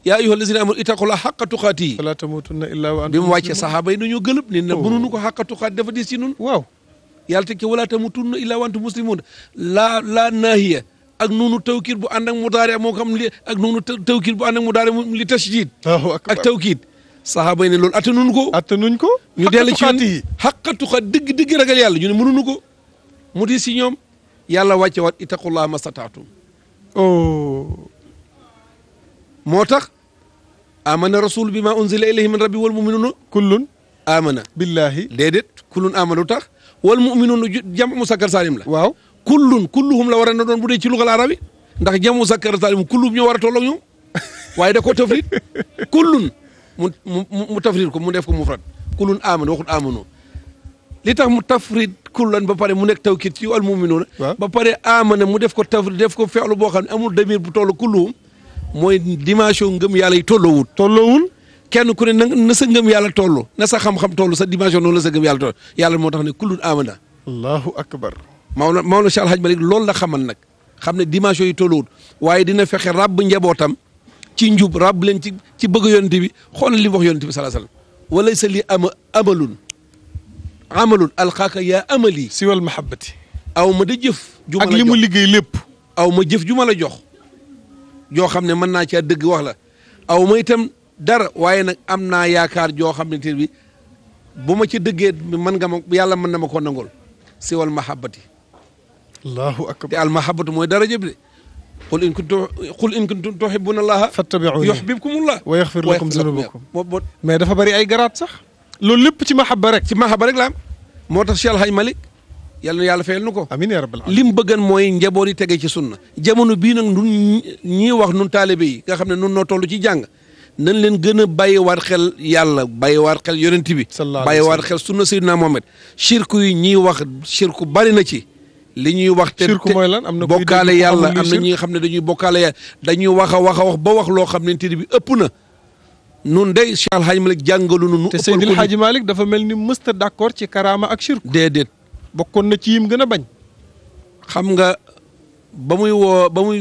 yaa ayyuha allazina amanu ittaqullaha haqqa tuqaati wala tamutunna illa wa antum bi mu wàccee saxaaba yi dañoo gëlëb ne na oh. mënuñu ko haqqa tuqaati dafa diis ci nun waaw yàlla teg ci wala tamutunna illa wa antum muslimun laa laa naahiya ak noonu tawkiid bu ànd ak mudaari moo xam li ak noonu tawkiid bu ànd ak mudaari li tashdiid ak tawkiid saxaaba yi ne loolu attanuñ ko attanuñ ko ñu dellu ci yi haqqa tuqaat dëgg dëgg ragal yàlla ñu ne mënuñu ko mu di si ñoom yàlla wàcce waat ittaqullaha ma stataatum oh. moo tax amana rasul bi ma unzila ilayhi min rabbi wal muminuna kullun amana billahi déedéet kullun amana lu tax wal muminuna jam musakkar saalim la waaw kullun kulluhum la war a na doon bu dee ci lugal arabi ndax jam musakkar saalim kulluhum ñoo war a tolloog ñoom waaye da koo tafrit kullun mu mu mu tafrit ko mu def ko mufrad kullun amana waxut amano li tax mu tafrit kullan ba pare mu nekk tawkit ci wal muminuna ba pare amana mu def ko tafrit def ko feelu boo xam ne amul damir bu toll kulluhum mooy dimension ngëm yàlla yi tolloowul tolloowul kenn ku ne na sa ngëm yàlla toll na sa xam-xam toll sa dimension noonu la sa ngëm yàlla toll yàlla moo tax ne kullun amana allahu akbar Maodo Maodo Cheikh Al Hadj Malick loolu la xamal nag xam ne dimension yi tolluwut waaye dina fexe ràbb njabootam ci njub rab leen ci ci bëgg yonent bi xool li mu yoon yonent bi sallallahu alayhi wasallam wala sa li ama amalun amalun alxaaka yaa amali si siwal mahabbati aw ma da jëf ju ma li mu liggéey lépp aw ma jëf ju ma la jox joo xam ne mën naa caa dëgg wax la aw ma itam dara waaye nag am naa yaakaar joo xam ne te bi bu ma ci dëggee mën nga ma yàlla mën na ma ko nangol si wal mahabbati allahu akbar te al mahabbatu mooy daraja bi de qul in kuntum qul in kuntum tuhibbuna allaha fattabi'uni yuhbibkumullah wa yaghfir lakum dhunubakum mais dafa bari ay garaat sax loolu lépp ci mahabba rek ci mahabba rek la am moo tax Cheikh Alhaj Malick yàlla yàlla fayal nu ko amiin yaa rabbal lim bëggan mooy njaboot yi tege ci sunna jamono bii nag nun ñii wax nun taalibe yi nga xam ne nun noo toll ci jàng nañ leen gën a bàyyiwaat xel yàlla bàyyiwaat xel yonent bi bàyyiwaat xel sunna Seydina Mohamed shirku yi ñiy wax shirku bari na ci li ñuy wax te bokkaale yàlla am na ñi nga xam ne dañuy bokkaale yàlla dañuy wax a wax a wax ba wax loo xam ne te bi ëpp na nun day Cheikh Alhaji Malick jàngalu nu nu te Seydil Hadji Malick dafa mel ni mësta d'accord ci karaama ak shirku déedéet bokkoon na ci yim gën a bañ xam nga ba muy woo ba muy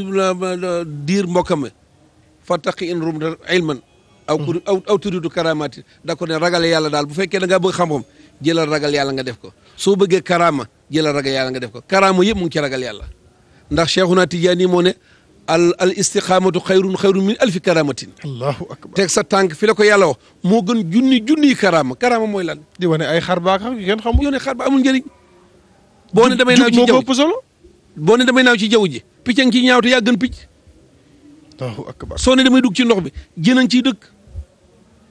diir mbokkam fattaqi in rum ilman aw mm. aw aw turidu karamati da ko ne ragal yàlla daal bu fekkee da ngaa bëgg xam-xam jëlal ragal yàlla nga def ko soo bëggee karama jëlal ragal yàlla nga def ko karama yëpp mu ngi ci ragal yàlla ndax Cheikhuna Tijaani moo ne al al istiqaamatu xayrun xayrun min alfi karamatin. allahu akbar teg sa tànk fi la ko yàlla wax moo gën junni junni karama karama mooy lan. di wane ay xar baax ak yu kenn xamul. yoo amul njëriñ. boo ne damay naaw ci jaww ji solo. boo ne damay naaw ci jaww ji picc a ngi ciy ñaaw te yaa gën picc. soo ne damay dugg ci ndox bi jën a ngi ciy dëkk.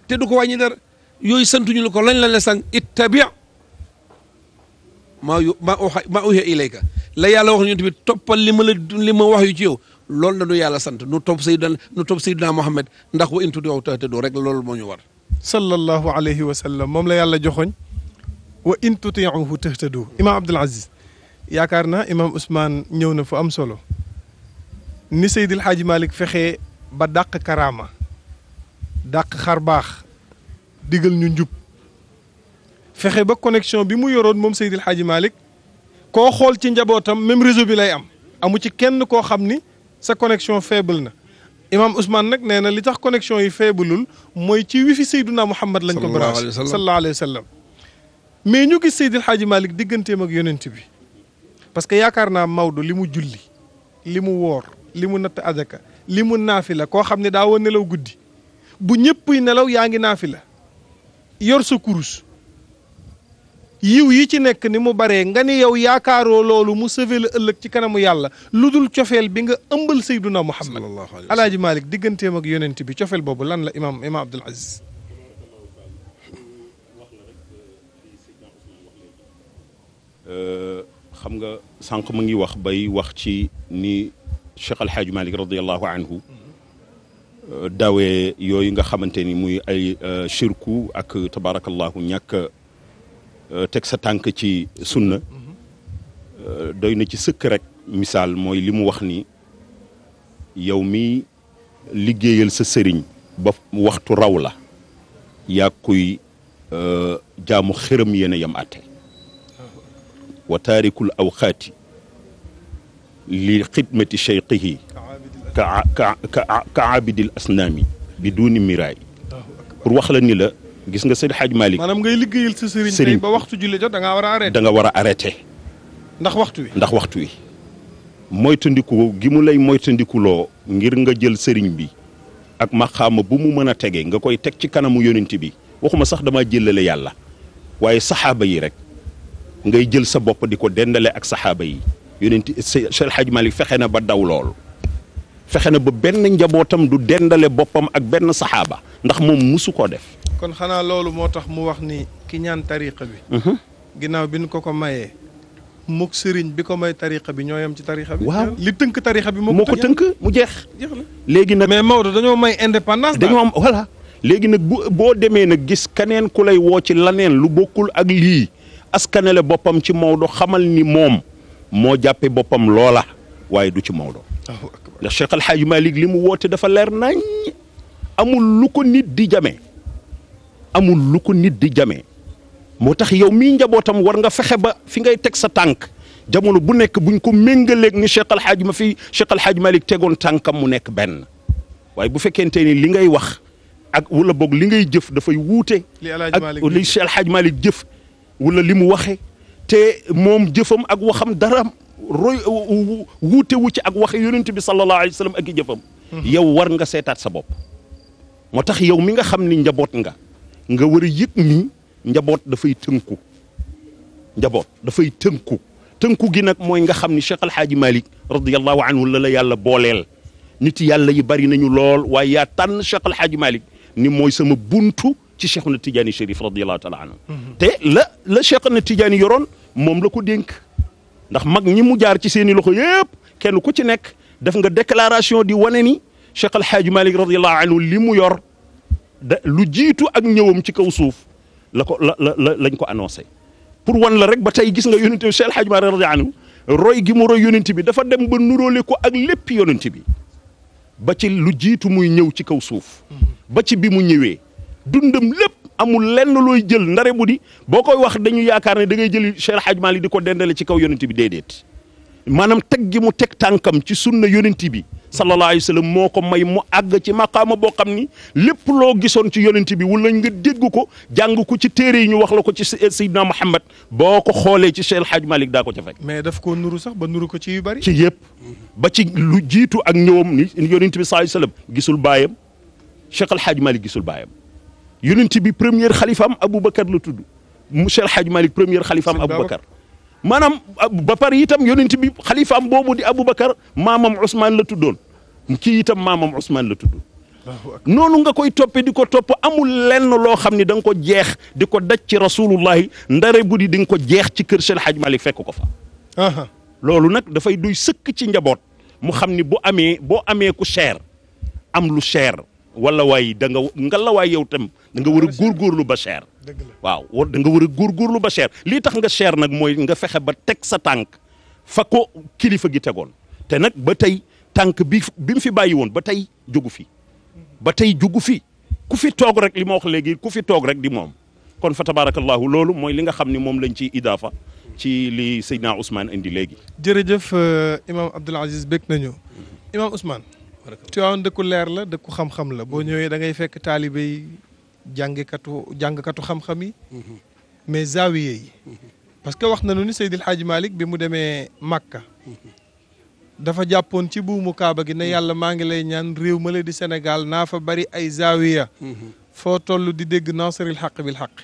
te du ko wàññi dara yooyu santuñu la ko lañ lañ la sang ittabi maa yu maa wax maa uhiya la yàlla wax ñu tamit toppal li ma la li ma wax yu ci loolu la nu yàlla sant nu topp Seydina nu topp Seydina Mohamed ndax wa in tuti'uhu tahtadu rek lool moo ñu war. sallallahu alayhi wa sallam moom la yàlla joxoñ wa in tuti'uhu tahtadu imaam Abdul Aziz yaakaar naa imaam Ousmane ñëw na foo am solo ni Seydil Hadji malik fexe ba dàq karaama dàq xar baax digal ñu njub fexe ba connexion bi mu yoroon moom Seydil Hadji Malick koo xool ci njabootam même réseau bi lay am amu ci kenn koo xam ni sa connexion faible na imaam Ousmane nag nee na li tax connexion yi faiblul mooy ci naa mu Muhammad lañ ko branché sa alayhi wa sallam mais ñu gis Seydil Hadji Malick digganteem ak yonent bi parce que yaakaar naa Maodo li mu julli li mu woor li mu natt azaka li mu naafi la koo xam ne daa woon nelaw guddi bu ñëppuy nelaw yaa ngi naafi la yor sa kurus yiw yi ci nekk ni mu baree nga ni yow yaakaaroo loolu mu sauvé la ci kanamu yàlla lu dul cofeel bi nga ëmbal sayduna muhammad alaaji malik digganteem ak yonent bi cofeel boobu lan la imaam imaam abdul aziz euh, xam nga sànq mu ngi wax bay wax ci ni Cheikh Al Hadj Malick radiyallahu anhu euh, dawee yooyu nga xamante ni muy ay euh, shirku ak tabarakallahu ñàkk euh, teg sa tànk ci sunna doy na ci sëkk rek misaal mooy li mu wax ni yow mi liggéeyal sa sëriñ ba waxtu raw la yaa koy jaamu xërëm yéen a yem àtte wa taarikul awqaati li xidmati cheyqihi ka ka abidil asnaami bi duuni miraay pour wax la ni la gis nga sëñ Xaaj Malick. maanaam ngay liggéeyal sa sëriñ tey ba waxtu julli jot da ngaa war a arrêté. da nga war a arrêté. ndax waxtu wi ndax waxtu wi. moytandiku gi mu lay moytandikuloo ngir nga jël sëriñ bi ak maxaama bu mu mën a tege nga koy teg ci kanamu yonent bi waxuma sax damaa jëlale yàlla waaye saxaaba yi rek. ngay jël sa bopp di ko dendale ak saxaaba yi yonent xaj El Hadj fexe na ba daw loolu fexe na ba benn njabootam du dendale boppam ak benn saxaaba ndax moom musu koo def. kon xanaa loolu moo tax mu wax ni ki ñaan tariqa bi. Mhm. ginnaaw bi nu ko ko mayee. mook sëriñ bi ko may tariqa bi ñoo yam ci tariqa bi. li tënk tariqa bi. moo ko tënk mu jeex. léegi nag mais Maodo dañoo may indépendance. dañoo am léegi nag bu boo demee nag gis keneen ku lay woo ci laneen lu bokkul ak lii. askanele boppam ci Maodo xamal ni moom moo jàppe boppam loola waaye du ci Maodo ndax Cheikh Al Hadj li mu woote dafa leer nañ amul lu nit di jame amul lukk nit di jame moo tax yow mii njabootam war nga fexe ba fi ngay teg sa tànk jamono bu nekk buñ ko méngaleeg ni Cheikh Al Hadj ma fi Cheikh Al Malick tegoon tànkam mu nekk benn waaye bu fekkente ni li ngay wax ak wala boog li ngay jëf dafay wuute. ak li Cheikh Al Hadj Malick jëf. wala li mu waxe te moom jëfam ak waxam dara roy wuute ci ak waxe yonent bi sallallahu alayhi wa mhm. yow war nga seetaat sa bopp moo tax yow mi nga xam ni njaboot nga nga war a yëg njaboot dafay tënku njaboot dafay tënku tënku gi nag mooy nga xam ni Cheikh Al Hadj la la yàlla booleel nit yàlla yi bari nañu lool waaye yaa tànn Cheikh Al Hadj ni mooy sama buntu ci Cheikhuna Tidiane Chérif radiyallahu taala anhu te la la Cheikhuna Tidiane yoroon moom la ko dénk ndax mag ñi mu jaar ci seen i loxo yëpp kenn ku ci nekk def nga déclaration di wane ni Cheikh El Hadj Malick radiyallahu anhu li mu yor da lu jiitu ak ñëwam ci kaw suuf la ko la la lañ ko annoncé pour wan la rek ba tey gis nga yonent bi Cheikh El Hadj Malick radiyallahu anhu roy gi mu roy yonent bi dafa dem ba nuróole ko ak lépp yonent bi ba ci lu jiitu muy ñëw ci kaw suuf bi mu ñëwee. dundam lépp amul lenn looy jël ndare bu di boo koy wax dañu yaakaar ne da ngay jëli Cheikh Hadj Malick di ko dendale ci kaw yonent bi déedéet maanaam teg gi mu teg tànkam ci sunna yonent bi sallallahu alayhi wa sallam moo ko may mu àgg ci maqaama boo xam ni lépp loo gisoon ci yonent bi wala nga dégg ko jàng ko ci téere yi ñu wax la ko ci Seydina Muhammad boo ko xoolee ci Cheikh Hadj Malick daa ko ca fekk. mais daf koo nuru sax ba nuru ko ci yu bari. ci yëpp ba ci lu jiitu ak ñëwam ni yonent bi sallallahu gisul baayam Cheikh Al Hadj gisul baayam. yonent bi première abu Aboubacar la tudd monsieur El Hadj Malick première xalifaam Aboubacar. maanaam ba pare itam yonent bi xalifaam boobu di Aboubacar maamam Ousmane la tuddoon kii itam maamam Ousmane la tudd. noonu nga koy toppe di ko topp amul lenn loo xam ni da ko jeex di ko daj ci rasulullahi ndare bu di nga ko jeex ci kër Cheikh Hadj Malick fekk ko fa. loolu nag dafay duy sëkk ci njaboot mu xam ni bu amee boo amee ku cher am lu cher wala waayi da nga ngalawaay yow tam nga war a góorgóorlu ba cher. waaw da nga war a góorgóorlu ba cher lii tax nga cher nag mooy nga fexe ba teg sa tànk fa ko kilifa gi tegoon te nag ba tey tànk bi bi mu fi bàyyi woon ba tey jógu fi ba tey jógu fi ku fi toog rek li ma wax léegi ku fi toog rek di moom kon fa tabarakallahu loolu mooy li nga xam ni moom lañ ci idaafa ci li Seydina Ousmane indi léegi. jërëjëf euh, imaam Abdoul Aziz bég nañu imaam Ousmane. Tiwaawan dëkku leer la dëkku xam-xam la boo ñëwee da ngay fekk taalibe yi jàngkatu jàngkatu xam-xam yi mais zaawiye yi parce que wax nañu ni Seydil Hadj Malick bi mu demee Makka dafa jàppoon ci buumu Kaaba gi ne yàlla maa ngi lay ñaan réew ma la di Sénégal naa fa bari ay zaawiya foo toll di dégg nasaril xaq bil xaq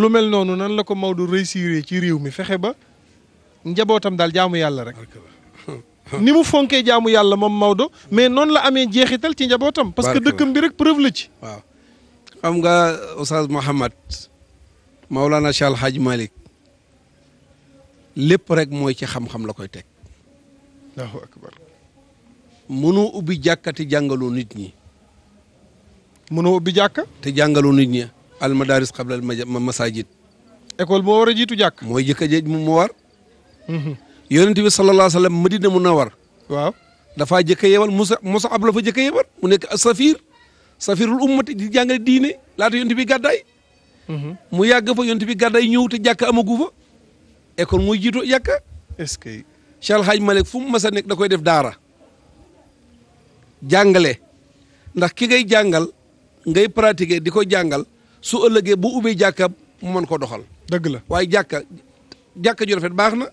lu mel noonu nan la ko Maodo réussir ci réew mi fexe ba njabootam daal jaamu yàlla rek ni mu fonkee jaamu yàlla moom Maodo mais noonu la amee jeexital ci njabootam. parce que dëkkam bi rek preuve la ci. waaw xam nga Oustaz Mouhamad Maulana Cheikh Al Hadj Malick lépp rek mooy ci xam-xam la koy teg. allahu mënoo ubbi jàkka te jàngaloo nit ñi. mënoo ubbi jàkka. te jàngaloo nit ñi. al madaris qabla al masajid école moo war a jiitu jàkk. mooy jëkk a moo war. Mhm. yonent bi sallallahu alayhi wa sallam madina munawwar waaw dafaa jëkk a yebal Musa Musa ab la fa jëkk a yebal mu nekk safir safiir ummati di jàngale diine laata yonent bi gàddaay mm-hmm. mu yàgg fa yonent bi gàddaay ñëw te jàkka amagu fa école mooy jiitoo jàkka est-ce que fu mu mas a nekk da koy def daara jàngale ndax ki ngay jàngal ngay pratiquer di ko jàngal su ëllëgee bu ubbee jàkka mu mën ko doxal dëgg la waaye jàkka jàkka ju rafet baax na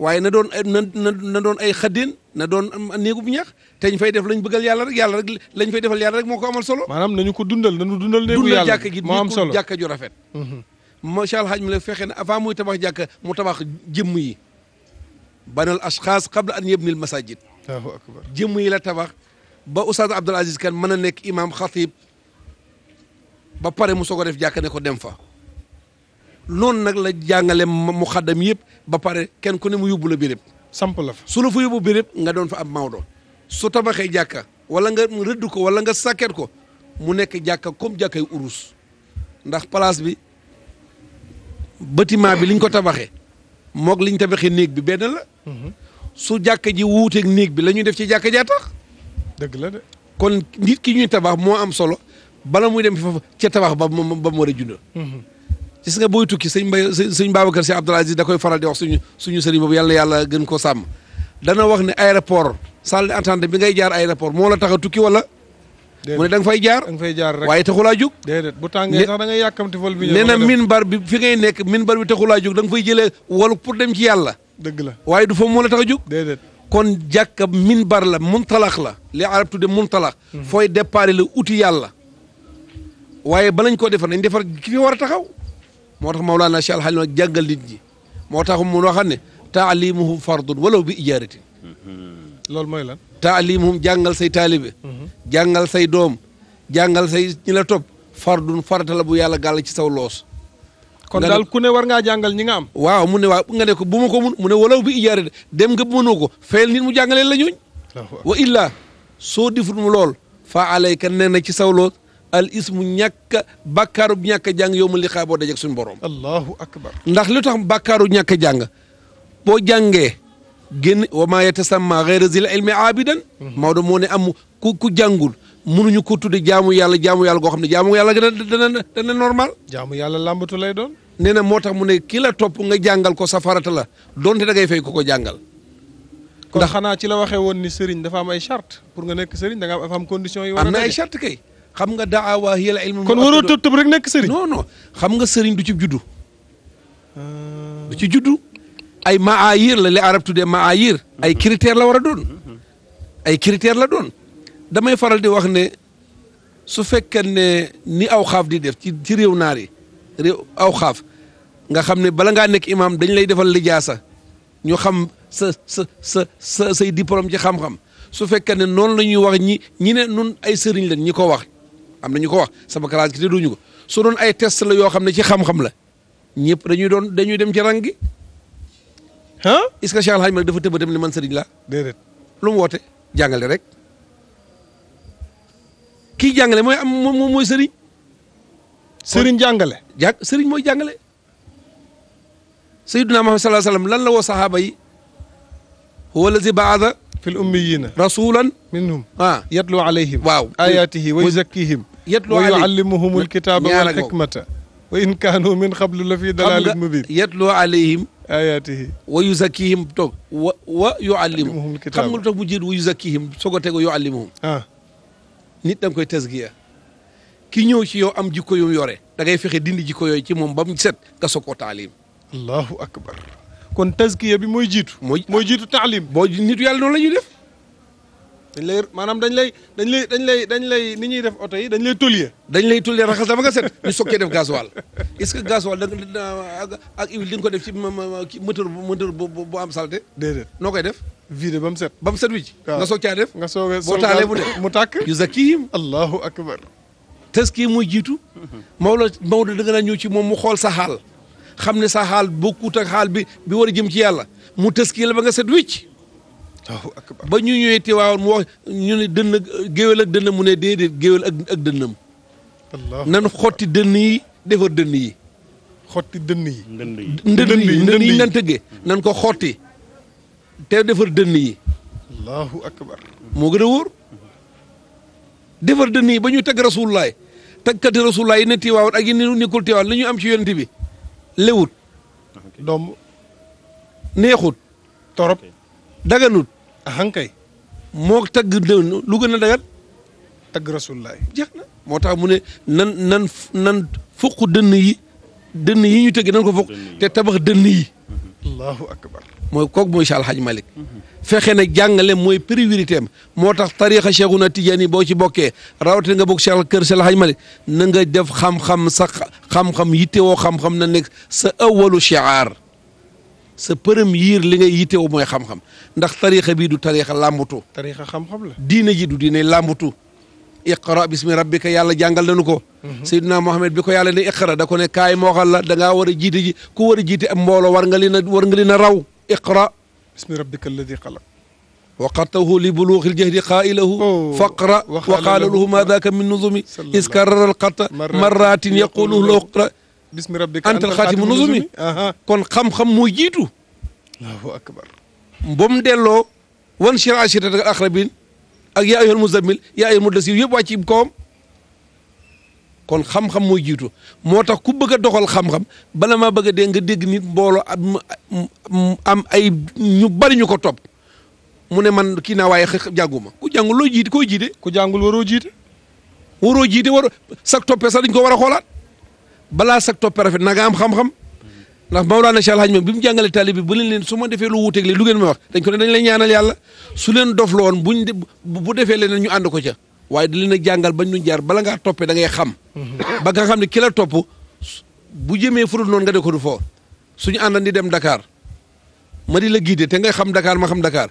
waaye na doon ay na doon ay xaddeen na doon néegub ñax te ñu fay def lañ bëggal yàlla rek yàlla rek lañ fay defal yàlla rek moo ko amal solo. maanaam nañu ko dundal nañu dundal. néegu yàlla moo am solo dundal jàkka gi jàkka ju rafet. macha allah mi la fexe ne avant muy tabax jàkka mu tabax jëmm yi banal ashxaas qabla an yabnil masajid. waaw akbar jëmm yi la tabax ba Oustaz Abdoul Aziz Kane mën a nekk imam xatib ba pare mu soog a def jàkka ne ko dem fa. noonu nag la jàngale mu xaddam yëpp ba pare kenn ku ne mu yóbbu la béréb. samp la fa su la fa yóbbu béréb nga doon fa am Maodo su tabaxee jàkka wala nga rëdd ko wala nga sàkket ko mu nekk jàkka comme jàkkay urus ndax place bi bâtiment bi liñ ko tabaxee moog liñ tabaxee néeg bi benn la. Mhm. su jàkka ji wuuteeg néeg bi la ñuy def ci jàkka jaa tax. dëgg la de. kon nit ki ñuy tabax moo am solo bala muy dem foofu ca tabax ba mu ba mu war a junda mhm. gis nga booy tukki sëñ Mbay sëñ Babacar Si Abdoul Aziz da koy faral di wax suñu suñu sëriñ boobu yàlla yàlla gën koo sàmm dana wax ne aéroport salle d'attente bi ngay jaar aéroport moo la tax a tukki wala ne da nga fay jaar nga fay jaar rek waaye taxulaa jóg déedéet bu tàngee sax da ngay yàkkamti vol bi nee na min bar bi fi ngay nekk min bar bi taxulaa jóg da nga fay jëlee wol pour dem ci yàlla dëgg la waaye du fa moo la tax a jóg kon jàkka min bar la muntalax la li arab tudde muntalax mhm. fooy départ la uti yàlla waaye balañ koo defar nañ defar ki fi war a taxaw moo tax Mawlaana Cheikh Al Hadj nag jàngal nit ñi moo tax mu waxoon ne taalimuhum fardun walaw bi ijaaratin loolu mooy lan taalimuhum jàngal say taalibe mhm. jàngal say doom jàngal say ñi la topp fardun farata la bu yàlla gàll ci saw loos kon daal ku ne war ngaa jàngal ñi nga am waaw mu ne waaw nga ne ko bu ma ko mun mu ne walaw bi ijaaratin dem nga mënoo ko fayal nit mu jàngalee la ñooñ wa illaa soo difut mu lool faa alayka ne na ci saw loos al ismu ñàkk a ñàkk a jàng yow ma li xaa boo suñu borom. allahu akbar ndax lu tax bàkkaaru ñàkk a jàng boo jàngee génn wa maa yatasamma ghayra zil ilmi aabidan. Mhm. Maodo moo ne am ku ku jàngul mënuñu ko tudde jaamu yàlla jaamu yàlla goo xam ne jaamu yàlla dana dana normal. jaamu yàlla làmbatu lay doon. nee na moo tax mu ne ki la topp nga jàngal ko safarata la donte dangay fay ko ko jàngal. ndax xanaa ci la waxee woon ni sëriñ dafa am ay charte pour nga nekk sëriñ da nga am condition yi. war xam nga daawa hiya al ilmu kon waroo tëb tëb rek nekk sëriñ. non non xam nga sëriñ du ci juddu. du ci juddu ay maayir la li arab tuddee maayir ay critères la war a doon. ay critères la doon damay faral di wax ne su fekkee ne ni aw xaaf di def ci ci réew naar yi aw xaaf nga xam ne bala ngaa nekk imaam dañ lay defal lijaasa ñu xam sa sa sa sa say diplôme ci xam-xam su fekkee ne noonu la ñuy wax ñi ñi ne nun ay sëriñ lañ ñi ko wax. am na ñu ko wax sama classe gi te duñu ko su doon ay test la yoo xam ne ci xam-xam la ñëpp dañuy doon dañuy dem ci rang gi ah est-ce que Cheikh Alhaji Malick dafa tëb dem ni man seriñ la déedéet lu mu woote jàngale rek kii jàngale mooy am moom mooy sëriñ sëriñ jàngale jàng sëriñ mooy jàngale sayyiduna Muhammad sallallahu alayhi wa lan la woo sahaaba yi huwa allazi ba'atha fil ummiyina rasulan minhum ah yatlu alayhim waaw ayatihi wa yuzakkihim yatlu alayhim wa yuallimuhumul kitaaba wal hikmata wa in kaanu min qablu la fii dalaalin mubiin yatlu alayhim ayaatihi wa yuzakkihim toog wa wa yuallimuhumul kitaaba xam nga lu tax bu jiit wa yuzakkihim soog a tego yuallimuhum ah. nit da nga koy tasgiya ki ñëw ci yow am jikko yu yore da ngay fexe dindi jikko yooyu ci moom ba mu set nga soog koo taalim allahu akbar kon tasgiya bi mooy jiitu mooy mooy jiitu taalim boo nitu yàlla noonu la ñuy def dañ maanaam dañ lay dañ lay dañ lay dañ lay ni ñuy def oto yi dañ lay tôlier dañ lay tôlier raxas dama nga set ñu sokkee def gasoil est-ce que gasoil da nga ak huile di nga ko def ci moteur moteur bu am salté déedéet noo koy def vidé ba mu set ba mu set wi nga soog caa def nga soog boo taalee mu de mu tàkk yu zakihim allahu akbar taski muy da nga naa ñëw ci moom mu xool sa xam ne sa xaal bokkut ak xaal bi bi war jëm ci yàlla mu taski la ba nga set wicc ba ñu ñëwee Tiwaawan mu wax ñu ne dënn géwél ak dënn mu ne déedéet géwél ak ak dënnam nan xotti dënn yi defar dënn yi xotti dënn yi ndënd yi ndënd yi nan tëggee nan ko xotti te defar dënn yi allahu moo gën a wóor defar dënn yi ba ñu teg rasulullaay tagkati rasulullaay yi ne Tiwaawan ak yi ne nekkul Tiwaawan li ñu am ci yonent bi lewut neexut daganut ahankay moo tagg lu gën a dagat tagg rasulullahi jeex na moo tax mu ne nan nan nan dënn yi dënn yi ñu tëgg nan ko fuq te tabax dënn yi allahu mooy kook mooy Cheikh Alhaji Malick mhm. fexe na jàngale mooy priorité moo tax tariixa Cheikhuna Tijaani boo ci bokkee rawatina nga bokk Cheikh kër Cheikh Alhaji Malick na nga def xam-xam sa xam-xam yittewoo xam-xam na nekk sa awalu shi'aar sa përëm yiir li ngay yiteewu mooy xam-xam ndax tariixa bii du tariixa a tariixa xam-xam la. diine ji du diine làmbatu. iqra bismi rabbika yàlla jàngal ko. Mhm. Seydina Mohamed bi ko yàlla ne iqra da ko ne kaay moo xal la da ngaa war a jiite ji ku war a jiite am mbooloo war nga leen a war nga leen a raw. iqra. bismi rabbika alladi xalaq. waqatahu li buluuxi ljahdi qaailahu oh, faqra wa qaala lahu maa daaka min nuzumi is karraral qatta marratin yaqulu lahu bismi rabbika antal xaatimu nuzumi kon xam-xam moo jiitu. allahu akbar. ba mu delloo. wan shir ashiratak al aqrabin ak yaa ayyuhal muzammil yaa ayyuhal mudassir yëpp wàcc ci kawam. kon mooy jiitu moo tax ku bëgg a doxal xam-xam bala maa bëgg a dee nga dégg nit mbooloo am ay ñu bari ñu ko topp mu ne man kii naa waaye jànguma ku jàngul loo jiite koo jiite. ku jàngul waroo jiite. waroo jiite waroo sag toppee sax dañ ko war a xoolaat. balaa sag toppee rafet nag am xam-xam ndax Maulana Cheikh Alhaji moom bi mu jàngale tali bi bu leen leen su ma defee lu wuuteeg li lu ngeen may wax dañ ko su leen dof la woon buñ bu defee leneen ñu ànd ko ca waaye di leen a bañ ñu jaar bala ngaa toppee ngay xam ba xam ne ki la topp bu jëmee furul noonu nga ko du foo suñu àndan di dem dakaar ma di la guidé te ngay xam Dakar ma xam Dakar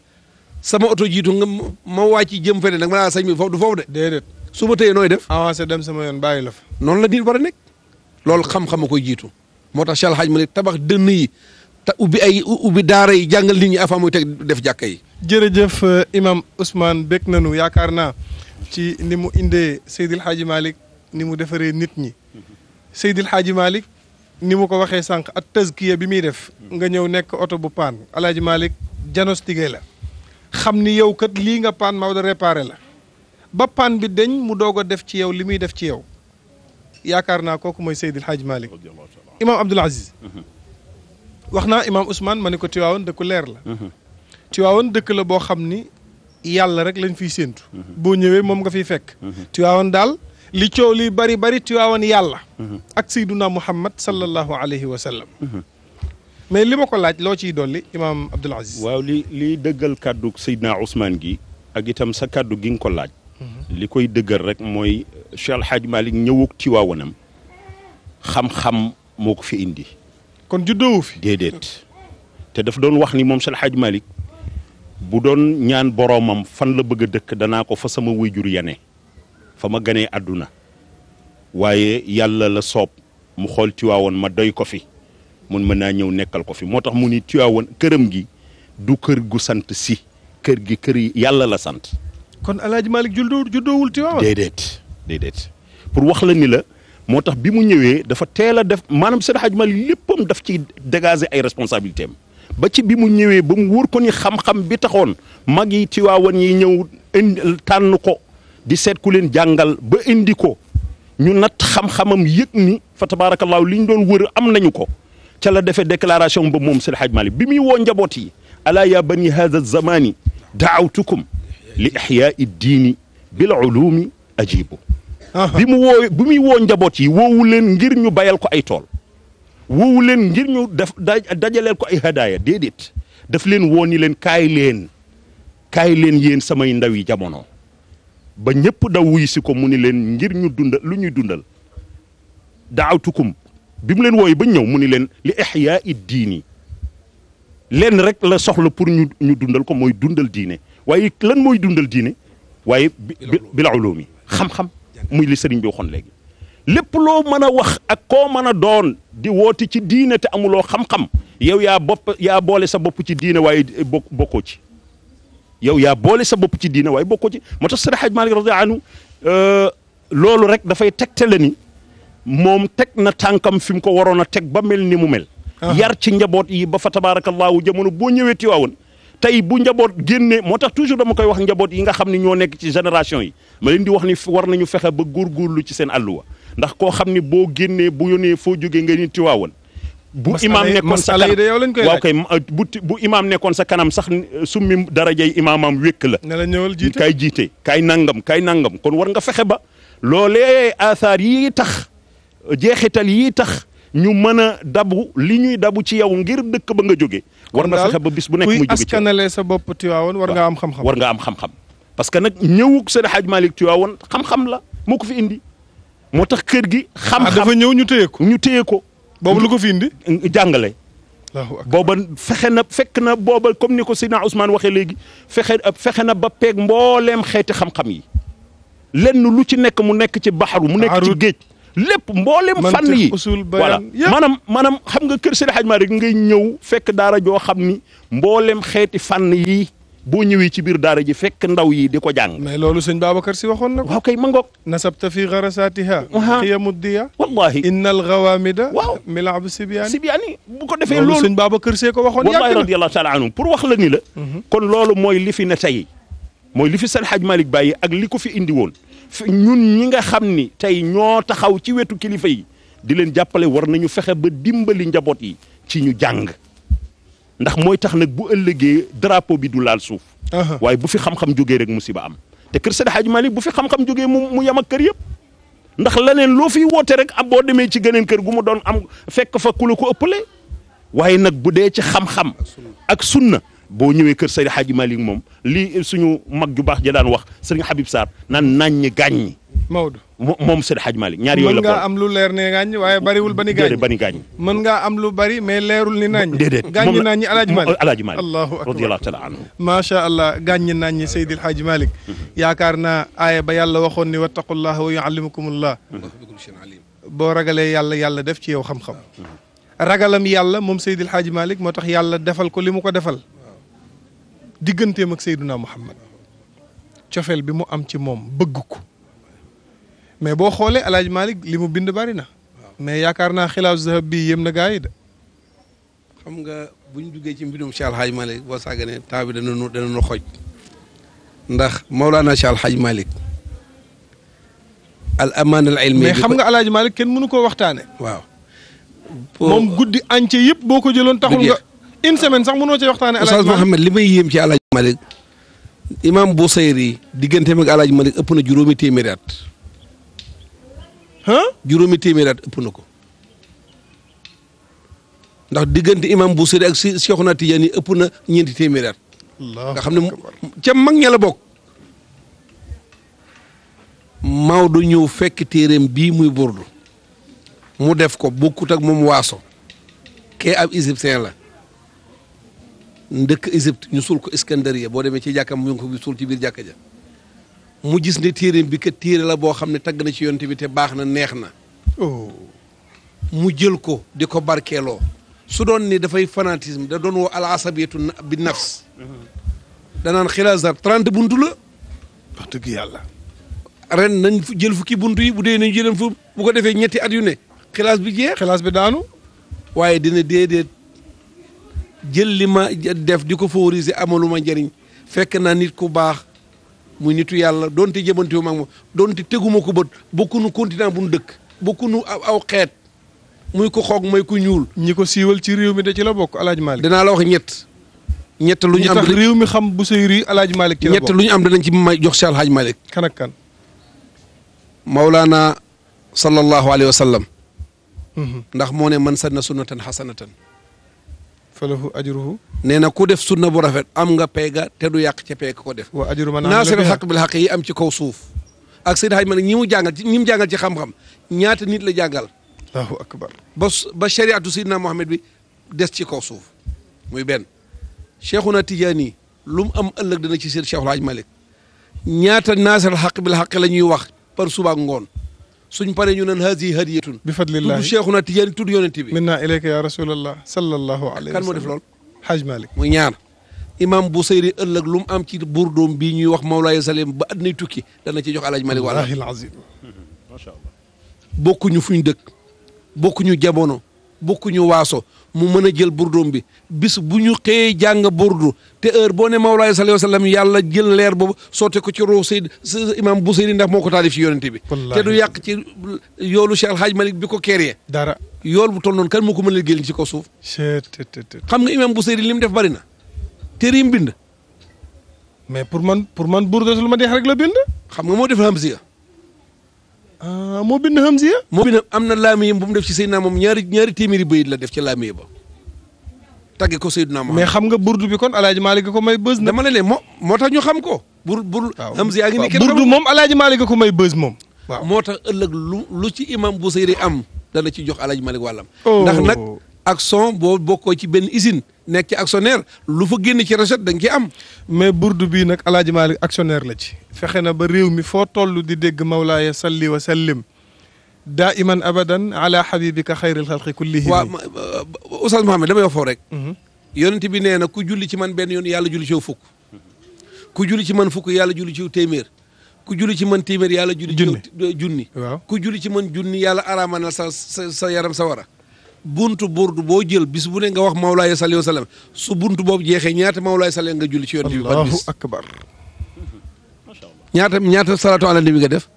sama oto jiitu nga ma wàcc jëm feneen nag ma naa ah sañ mi foofu du foofu de su ma tëyee nooy def avancé dem sama yoon bàyyi la fa noonu la nit war a nekk loolu xam-xam a koy jiitu moo tax Cheikh Al Hadj Malick tabax dënn yi te ubbi ay ubbi daara yi jàngal nit ñi avant muy teg def jàkka yi. jërëjëf euh, imam Ousmane bég nañu yaakaar naa ci ni mu indee Seydil Hadji malik ni mu defaree nit ñi Seydil Hadji Malick ni mu ko waxee sànq ak tazkiya bi muy def nga ñëw nekk oto bu paan El Hadji Malick diagnostiqué la xam ni yow kat lii nga paan Maodo réparé la ba paan bi deñ mu doog a def ci yow li muy def ci yow. yaakaar naa kooku mooy Seydil Hadj Malick imaam Abdoul Aziz wax naa imaam Ousmane ma ne ko Tiwaawoon dëkku leer la mhm. Tiwaawoon dëkk la boo xam ni yàlla rek lañ fiy séentu mhm. boo ñëwee moom nga fiy fekk mhm. Tiwaawoon daal li coow li bari bari Tiwaawoon yàlla ak Seyduna Muhammad sallallahu alayhi wa sallam mais li ma ko laaj loo ciy dolli imaam Abdoul waaw li li dëggal kàddu Seydina Ousmane gi ak itam sa kàddu gi nga ko laaj Mm-hmm. li koy dëggal rek mooy Cheikh El Hadj Malick ñëwuk ci waawanam xam-xam moo ko fi indi. kon juddoowu fi. déedéet te daf doon wax ni moom Cheikh El malik bu doon ñaan boroomam fan la bëgg a dëkk danaa ko fa sama wayjur yane fa ma ganee àdduna waaye yàlla la soob mu xool Tiwaawoon ma doy ko fi mun mën naa ñëw nekkal ko fi moo tax mu ni Tiwaawoon këram gi du kër gu sant si kër gi kër yàlla la sant kon El Hadj Malick juddoo juddoowul Tiwaawan. déedéet déedéet pour wax la ni la moo tax bi mu ñëwee dafa teel a def maanaam Seydi Hadj Malick léppam daf ci dégager ay responsabilités am ba ci bi mu ñëwee ba mu wóor ko ni xam-xam bi taxoon mag yi Tiwaawan yi ñëw indi tànn ko di seet ku leen jàngal ba indi ko ñu natt xam-xamam yëg ni fa tabaarakallaahu li ñu doon wër am nañu ko ca la defee déclaration ba moom Seydi Hadj Malick bi muy woo njaboot yi alaa yaa bani haadha zamani daawtukum li ixyaai diini bil ulumi ajibu bi mu woo bi muy woo njaboot yi woowu leen ngir ñu bayal ko ay tool woowu leen ngir ñu def dajaleel ko ay hadaaya déedéet daf leen woo ni leen kaay leen kaay leen yéen samay ndaw yi jamono ba ñëpp daw wuy si ko mu ni leen ngir ñu dundal lu ñuy dundal daawtukum bi mu leen wooyu ba ñëw mu ni leen li ixyaa i diini leen rek la soxla pour ñu ñu dundal ko mooy dundal diine waaye lan mooy dundal diine waaye bila ulumi xam-xam muy li sëriñ bi waxoon léegi lépp loo mën a wax ak koo mën a doon di woote ci diine te amuloo xam-xam yow yaa bopp yaa boole sa bopp ci diine waaye bokkoo ci yow yaa boole sa bopp ci diine waaye bokkoo ci moo tax Seydi Hadj Malick radiyallahu euh, loolu rek dafay teg tegtale ni moom teg na tànkam fi mu ko waroon a teg ba mel ni mu mel ah. yar ci njaboot yi ba fa tabaarakallahu jamono boo ñëwee Tiwaawan tey bu njaboot génnee moo tax toujours dama koy wax njaboot yi nga xam ne ñoo nekk ci génération yi ma leen di wax ni war nañu fexe ba góorgóorlu ci seen àlluwa ndax koo xam ni boo génnee bu yónnee foo jógee nga ni tiwaawoon bu imaam nekkoon sa kanam waaw kay bu bu imaam nekkoon sa kanam sax summi darajay imaamam wékk la kay jiite kay nangam kay nangam kon war nga fexe ba loolee asaar yii tax jeexital yii tax ñu mën a dabu li ñuy dabu ci yow ngir dëkk ba nga jóge war na fexe ba bis bu nekk muy jóge ci askanale sa bopp Tiwaawoon war nga am xam-xam nga am xam parce que nag ñëwug Seydi Hadj Malick Tiwaawoon xam-xam la moo ko fi indi moo tax kër gi xam-xam ah, dafa ñëw ñu téye ko ñu téye ko boobu lu ko fi indi jàngale booba fexe na fekk na booba comme ni ko Seydina usmaan waxee léegi fexe fexe na ba peeg mbooleem xeeti xam-xam yi lenn lu ci nekk mu nekk ci baxaru mu nekk ci géej lépp mboolem fànn yi voilà maanaam maanaam xam nga kër Seydi Hadji Malick ngay ñëw fekk daara joo xam ni mboolem xeeti fànn yi boo ñëwee ci biir daara ji fekk ndaw yi di ko jàng. mai loolu sëñ Babacar si waxoon na ko. waaw kay ma ngoog. nasabta fi gharasatiha. xiyamu diya. wallaahi innal ghawaamida. waaw milaabu sibiyaani. sibiyaani bu ko defee loolu. loolu sëñ Babacar see ko waxoon. yàgg na radiyallahu taala pour wax la ni la. Mhm. kon loolu mooy lifi fi ne tey mooy li fi Seydi Hadji Malick bàyyi ak li ko fi indi woon ñun ñi nga xam ni tey ñoo taxaw ci wetu kilifa yi di leen jàppale war nañu fexe ba dimbali njaboot yi ci ñu jàng ndax mooy tax nag bu ëllëgee drapeau bi du laal suuf. waaye bu fi xam-xam jógee rek musiba am. te kër Seydi Hadji Malick bu fi xam-xam jógee mu mu yem ak kër yëpp ndax leneen loo fi woote rek am ah, boo demee ci gëneen kër gu mu doon am fekk fa ku la ko waaye nag bu dee ci xam-xam ak sunna boo ñëwee kër Seydi Hadji Malick moom lii suñu mag ju baax ja daan wax Serigne Habib Sarr naan naññ gaaññi. Maodo moom Seydi Hadji Malick ñaar yooyu la. mën ngaa am lu leer ne gaaññi waaye bariwul ba ni gaaññi ba ni gaaññi. mën ngaa am lu bari mais leerul ni naññ. déedéet gaaññi naññi Alaaji Malick Alaaji Malick. allahu akbar radiyallahu taala anhu. macha allah gaaññi naññi Seydil Hadji yaakaar naa aaya ba yàlla waxoon ni wattaqullaha wa yuallimukumullah. boo ragalee yàlla yàlla def ci yow xam-xam ragalam yàlla moom Seydil Hadji malik moo tax yàlla defal ko li mu ko defal digganteem ak Seyduna Muhammad cofeel bi mu am ci moom bëgg ko mais boo xoolee El Hadj Malick li bind bari na. mais yaakaar naa xilaasu zahab bii yem na gaa yi de. xam nga bu ñu duggee ci mbirum Cheikh Al Hadj Malick boo sàgganee temps bi dana nu dana nu xoj. ndax Maulana Cheikh Al Hadj Malick. al amaan al ilmi mais xam nga El kenn mënu koo waxtaane waaw. moom guddi ànce yëpp boo ko jëloon taxul nga. une semaine sax mënoo ci waxtaanee. El Hadj Malick Oustaz Mouhamed li may yéem ci El Hadj Malick imaam Busayri digganteem ak El Hadj Malick ëpp na juróomi téeméeri at. ëpp na ko. ndax diggante imaam Busayri ak si Seexuna Tijaan yi ëpp na ñeenti téeméeri at. nga xam ne ca mag ña a bokk. Maodo ñëw fekk téereem bii muy burdu mu def ko bokkut ak moom waaso. kee ab égyptien la. ndëkk Égypte ñu suul ko Iskandariya boo demee ci jàkkam ñu ngi ko suul ci biir jàkka mu gis ne téere bi kat téere la boo xam ne tagg na ci yonte bi te baax na neex na oh. mu jël ko di ko barkeeloo su doon ni dafay fanatisme da doon woo al asabiyatu bi nafs mm-hmm. danaan xilaasar trente buntu la wax dëgg yàlla ren nañ jël fukki buntu yi bu dee nañ jëleen fu bu ko defee ñetti at yu ne xilaas bi jeex xilaas bi daanu waaye dina déedéet jël li ma def di ko favoriser amaluma njariñ fekk naa nit ku baax muy nitu yàlla donte jëmante wu mag ma donte teguma ko bët bokkunu continent bu nu dëkk bokkunu aw xeet muy ko xoog may ku ñuul. ñi ko siiwal ci réew mi da ci la bokk El Hadj Malick. la wax ñett. ñett lu ñu am tax réew mi xam bu sey ri El Hadj Malick ci lu ñu am danañ ci may jox si El Hadj Malick. kan ak kan. Mawlaana sallallahu alayhi wa mhm. ndax moo ne man sanna sunnatan hasanatan falahu ajruhu nee na ku def sunna bu rafet am nga peega te du yàq ca peeg ko def wa ajru man naasiril xaq bil xaq yi am ci kaw suuf ak Seydi Hadj Malick ñi mu ñi mu jàngal ci xam-xam ñaata nit la jàngal allahu ba ba chariatu na Mohamed bi des ci kaw suuf muy benn Cheikhuna Tijaani lu mu am ëllëg dana ci seen Cheikhul Hadj Malick ñaata naasiril xaq bil xaq la ñuy wax par suba ak ngoon suñ paree ñu naan haadi hadiyatun bi fadlillah tudd Cheikhuna Tijaani tudd yonent bi minna ilayka ya rasulallah sallallahu alayhi wa sallam kan moo def loolu Haj Malik muy ñaar imam bu seyri ëllëg lu mu am ci burdoom bii ñuy wax Mawlaay Salim ba addinay tukki dana ci jox Alhaji Malik wala azim ma ñu Allah bokkuñu fuñ dëkk bokkuñu jamono bokkuñu waaso mu mën a jël burdoom bi bis bu ñu xëyee jàng burdu te heure boo ne Mawlaay sallallahu alayhi wa sallam yàlla jël leer boobu sotte ko ci ruux Seyd imam Busiri ndax moo ko taalif ci yonente bi. te du yàq ci yoolu Cheikh Alhaaj Malick bi ko keeree. dara yool bu tol noonu kan moo ko mën a génn ci ko suuf. xam nga imam Busiri li mu def bari na. téere yi mu bind. mais pour man pour man burdatul ma deex rek la bind. xam nga moo def hamziya ah moo bind Hamziya. moo bind am na laamiyam bu mu def ci na moom ñaari ñaari téeméeri la def ci laamiya ba tagge ko Seydina Muhammad. mais xam nga burdu bi kon El Hadj ko may bës. dama la ne moo moo tax ñu xam ko. bur bur Hamziya ngi ni kenn burdu moom El Hadj Malick ko may bës moom. waaw moo tax ëllëg lu lu ci imam Busayri am dana ci jox El Hadj Malick wàllam. Oh. ndax nag ak son boo bokkoo ci benn usine. nekk ci actionnaire lu fa génn ci recette da nga am. mais burdu bii nag El Hadj la ci. fexe na ba réew mi foo toll di dégg Mawlaaya salli wa sallim daa iman abadan ala xabibika xayril xalqi kullihi. waaw uh, Oustaz Mouhamed damay wax foofu rek. Mhm. yonent bi nee na ku julli ci man benn yoon yàlla julli ci yow fukk. ku julli ci man fukk yàlla julli ci yow téeméer. ku julli ci man téeméer yàlla. junni julli ci yow junni. waaw ku julli ci man junni yàlla araamanal sa sa sa yaram sa wara buntu burdu boo jël bis bu ne nga wax Mawlaaya salli wa salaam su buntu boobu jeexee ñaata Mawlaaya salli nga julli ci yoon bi. allahu akbar ñaata ñaata salaatu ala nabi nga def.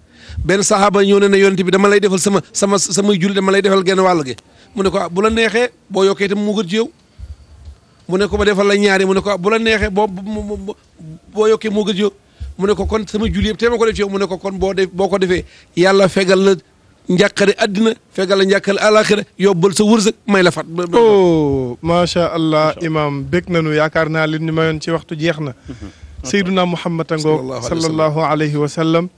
benn saxaaba ñëw ne ne yonent bi dama lay defal sama sama samay julli dama lay defal genn wàll gi mu ne ko ah, bu la neexee boo yokkee itam mu gën ci mu ne ko ba defal la ñaari mu ne ko ah, bu la neexee boo boo yokkee mu gën ci mu ne ko kon sama julli yëpp te ma ko def ci yow mu ne ko kon boo def boo ko defee yàlla fegal la njàqare addina fegal la njàqare alaxira yóbbal sa wërsëg may la fat. oh macha allah imaam bég nañu yaakaar naa li ñu mayoon ci waxtu jeex na. Mhm. Seyduna Muhammad a ngoog sallallahu alayhi wa sallam.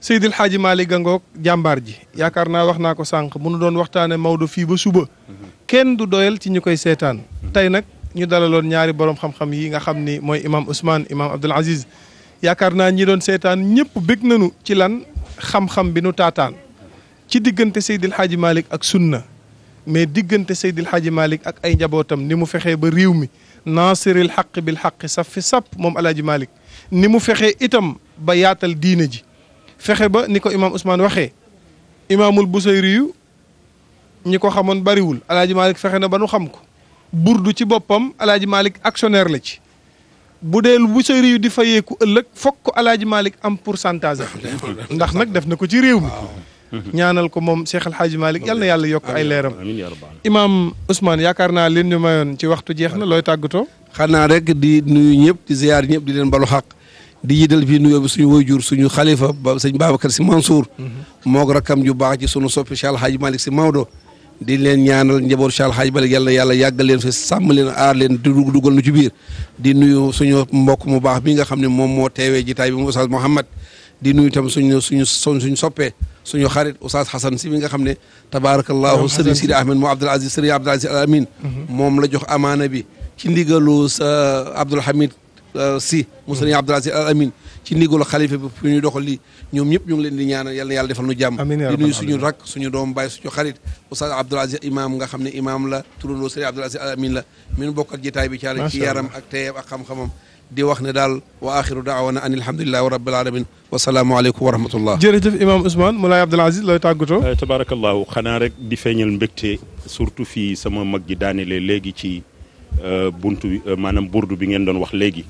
Seydil Xaaji Maalik a ngoog jàmbaar ji mhm. yaakaar naa wax naa ko sànq bu nu doon waxtaanee Maodo fii ba suba. Mhm. kenn du doyal ci ñu koy seetaan. tey nag ñu dalaloon ñaari borom xam-xam yi nga xam ni mooy imaam Ousmane imaam Abdul Aziz yaakaar naa ñi doon seetaan ñëpp bég nañu ci lan xam-xam bi nu taataan. ci diggante Seydil Hadji malik ak sunna mais diggante Seydil Hadji malik ak ay njabootam ni mu fexee ba réew mi naasiril xaq bil xaq saf sap moom Alaaji malik ni mu fexee itam ba yaatal diine ji fexe ba ni ko imaam Ousmane waxee imaamul Busayri yu ñi ko xamoon bariwul Alaaji Malick fexe na ba nu xam ko burdu ci boppam Alaaji Malick actionnaire la ci bu dee Busayri yu di fayeeku ëllëg fokk Alaaji Malick am pourcentage ndax nag def na ko ci réew mi ñaanal ko moom Cheikh Al Hadj Malick yal na yàlla yokk ay leeram imaam Ousmane yaakaar naa leen ñu mayoon ci waxtu jeex na looy tàggatoo xanaa rek di nuyu ñëpp di ziyaar ñëpp di leen balu xaq di jiital fii nuyoo bi suñu wayjur suñu xalifa ba sëñ Babacar si Mansour moog rakkam ju baax ci sunu soppi Cheikh Al Hadj Malick si Maodo di leen ñaanal njaboot Cheikh Al Hadj Malick yal na yàlla yàggal leen fi sàmm leen aar leen di dugal nu ci di nuyu suñu mbokk mu baax bi nga xam ne moom moo teewee jitaay bi mu Oustaz di nuyu itam suñu suñu suñu soppee suñu xarit Oustaz Xasan si mi nga xam ne tabaarakallaahu sëriñ Sidi Ahmed moom Abdoul Aziz sëriñ mhm. moom la jox amaana bi ci ndigalu sa euh, Abdoul Hamid euh, si mu sëriñ mhm. Abdoul Aziz Al Amin ci ndigalu xalifa bi fu ñuy doxal lii ñoom ñëpp ñu ngi leen di ñaanal yal na yàlla defal nu jàmm di nuyu suñu rak suñu doom bàyyi suñu xarit Oustaz Abdoul Aziz imam nga xam ne imam la turandoo sëriñ Abdoul Aziz Al Amin la min bokkat jitaay bi ci yàlla ci yaram ak teeyam ak xam-xamam di wax ne daal waa axiru daawana an alhamdulilahi wa rabbil alamin wa salaamu aleykum wa rahmatullah jërëjëf imaam Ousmane Moulay Abdoul Aziz lay tàggatoo eh, tabarakallahu xanaa rek di feeñal mbégte surtout fii sama mag ji daanelee léegi ci euh, buntu euh, maanaam burdu bi ngeen doon wax léegi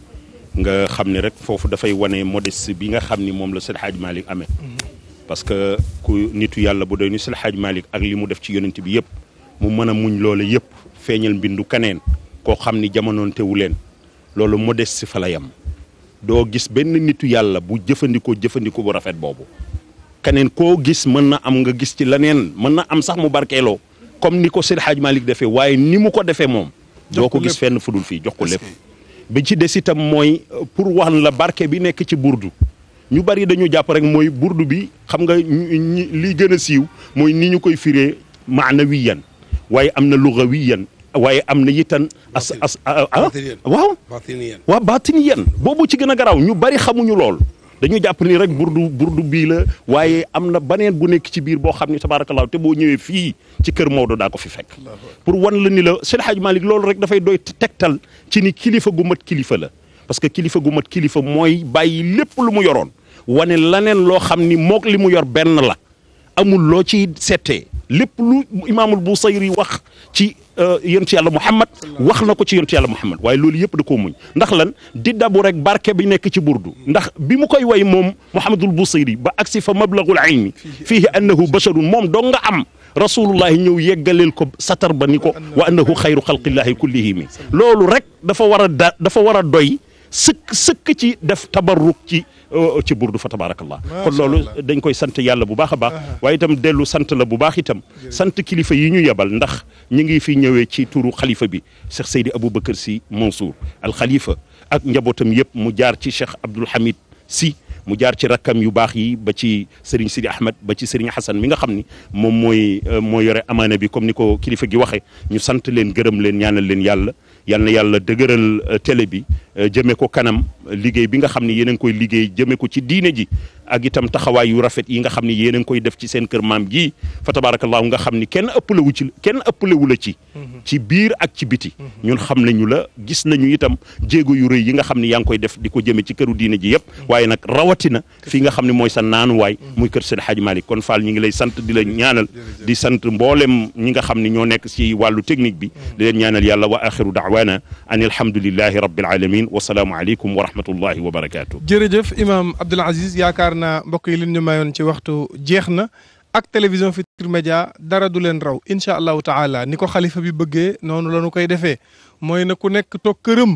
nga xam ne rek foofu dafay wane modeste bi nga xam ni moom la Seydi Hadj Malick amee mm-hmm. parce que ku nitu yàlla bu doy ni Seydi Hadj Malick ak li mu def ci yonent bi yëpp mu mën muñ loole yëpp feeñal mbindu kaneen koo xam ni jamonoon leen loolu modeste fa la yem doo gis benn nitu yàlla bu jëfandikoo jëfandikoo bu rafet boobu keneen koo gis mën na am nga gis ci leneen mën na am sax mu barkeeloo comme ni ko Seydi Hadj Malick defee waaye ni mu ko defee moom doo ko gis fenn fudul fii jox ko lépp bi ci des itam mooy pour wan la barke bi nekk ci burdu ñu bari dañu jàpp rek mooy burdu bi xam nga lii gën a siiw mooy ni ñu koy firee maanawiyan waaye am na lugawiyan waaye am na yitan as a ah, ah, waaw waaw baatini yen boobu ci gën a garaw ñu bari xamuñu lool dañu jàpp ni rek burdu burdu bii la waaye am na baneen bu nekk ci biir boo xam ne tabaarakallaahu te boo ñëwee fii ci kër Maodo daa ko fi fekk pour wan la ni la Seydi Hadji Malick loolu rek dafay doy tegtal ci ni kilifa gu mat kilifa la parce que kilifa gu mat kilifa mooy bàyyi lépp lu mu yoroon wane laneen loo xam ni moo li mu yor benn la amul loo ci settee lépp lu imaamul Busayri wax ci Euh, yonent yàlla Muhammad wax na ko ci yonent yàlla Muhammad waaye loolu yëpp da koo muñ ndax lan di dabu rek barke bi nekk ci burdu ndax bi mu koy way moom Muhammadul Busiri ba si fa mablagul ayni fiihi annahu basharun moom doo nga am rasulullahi ñëw yeggaleel ko satar ba ni ko wa ko xayru xalqillahi kullihimi loolu rek dafa war a da dafa war a doy sëkk sëkk ci def tabarruk ci euh, ci burdu fa tabarakallah kon loolu dañ koy sant yàlla bu baax a baax uh-huh. waaye itam dellu sant la bu baax itam sant kilifa yi ñu yebal ndax ñu ngi fi ñëwee ci tuuru xalifa bi Cheikh Seydi Aboubacar si Mansour al xalifa ak njabootam yëpp mu jaar ci Cheikh Abdoul Hamid si mu jaar ci rakkam yu baax yi ba ci Serigne Sidi Ahmed ba ci Serigne Hassan mi nga xam ni moom mooy euh, moo yore amaana bi comme ni ko kilifa gi waxee ñu sant leen gërëm leen ñaanal leen yàlla yal na yàlla dëgëral euh, télé bi euh, jëmee ko kanam liggéey bi nga xam ne yéen a koy liggéey jëmee ko ci diine ji ak a taxawaay yu rafet yi nga xam ni yéen a ngi koy def ci seen kër maam ji fa tabaarakallaahu nga xam ni kenn ëppalewu ci kenn la ci mhm. ci biir ak ci biti mhm. ñun xam nañu la gis nañu itam jéego yu rëy yi nga xam ni yaa ngi koy def di ko jëme ci këru diine ji yëpp mhm. waaye nag rawatina fii nga xam ne mooy sa naanuwaay muy kër Seydi Hadji Malick kon Fall ñi lay sant di la ñaanal di sant mboolem ñi nga xam ni ñoo nekk ci wàllu technique bi di leen ñaanal yàlla wa axiru daawaana an alhamdulillahi rabbil alamin wa salaamu aleykum wa rahmatullahi wa barakatuh jërëjëf imam Abdoul Aziz yaakaar naa mbokk yi leen ñu mayoon ci waxtu jeex na ak télévision Futurs Médias dara du leen raw incha allahu taala ni ko xalifa bi bëggee noonu la ñu koy defee mooy na ku nekk toog këram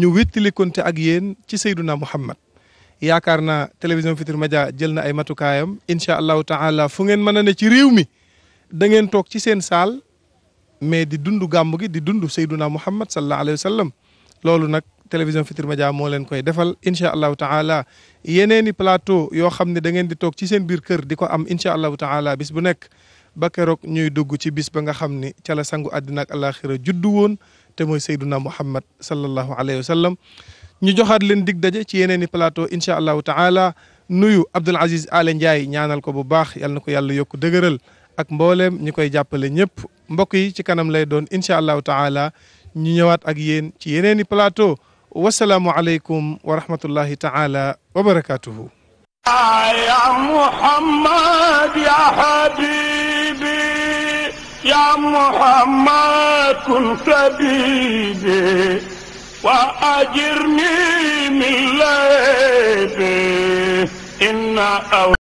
ñu wéttali konte ak yéen ci Seydouna Muhammad yaakaar naa télévision Futurs Médias jël na ay matukaayam incha allahu taala fu ngeen mën a ne ci réew mi da ngeen toog ci seen saal mais di dund gàmm gi di dund Seydouna Muhammad sallallahu alayhi wa sallam loolu nag télévision Futurs Médias moo leen koy defal incha allahu taala yeneeni palaato yoo xam ne da ngeen di toog ci seen biir kër di ko am incha allahu taala bis bu nekk ba keroog ñuy dugg ci bis ba nga xam ni cala sangu àddina ak alaxira juddu woon te mooy sayduna muhammad sallallahu alayhi wa sallam ñu joxaat leen dig daje ci yeneeni plateau incha allahu taala nuyu Abdoul Aziz Aly Ndiaye ñaanal ko bu baax yal na ko yàlla yokk dëgëral ak mbooleem ñi koy jàppale ñëpp mbokk yi ci kanam lay doon incha allahu taala ñu ñëwaat ak yéen ci yeneeni plateau wasalaamu aleykum wa rahmatullahi taala wa barakaatuhu ya Muhammad ya habibi ya Muhammad kun tabibi wa ajirni min laybi inna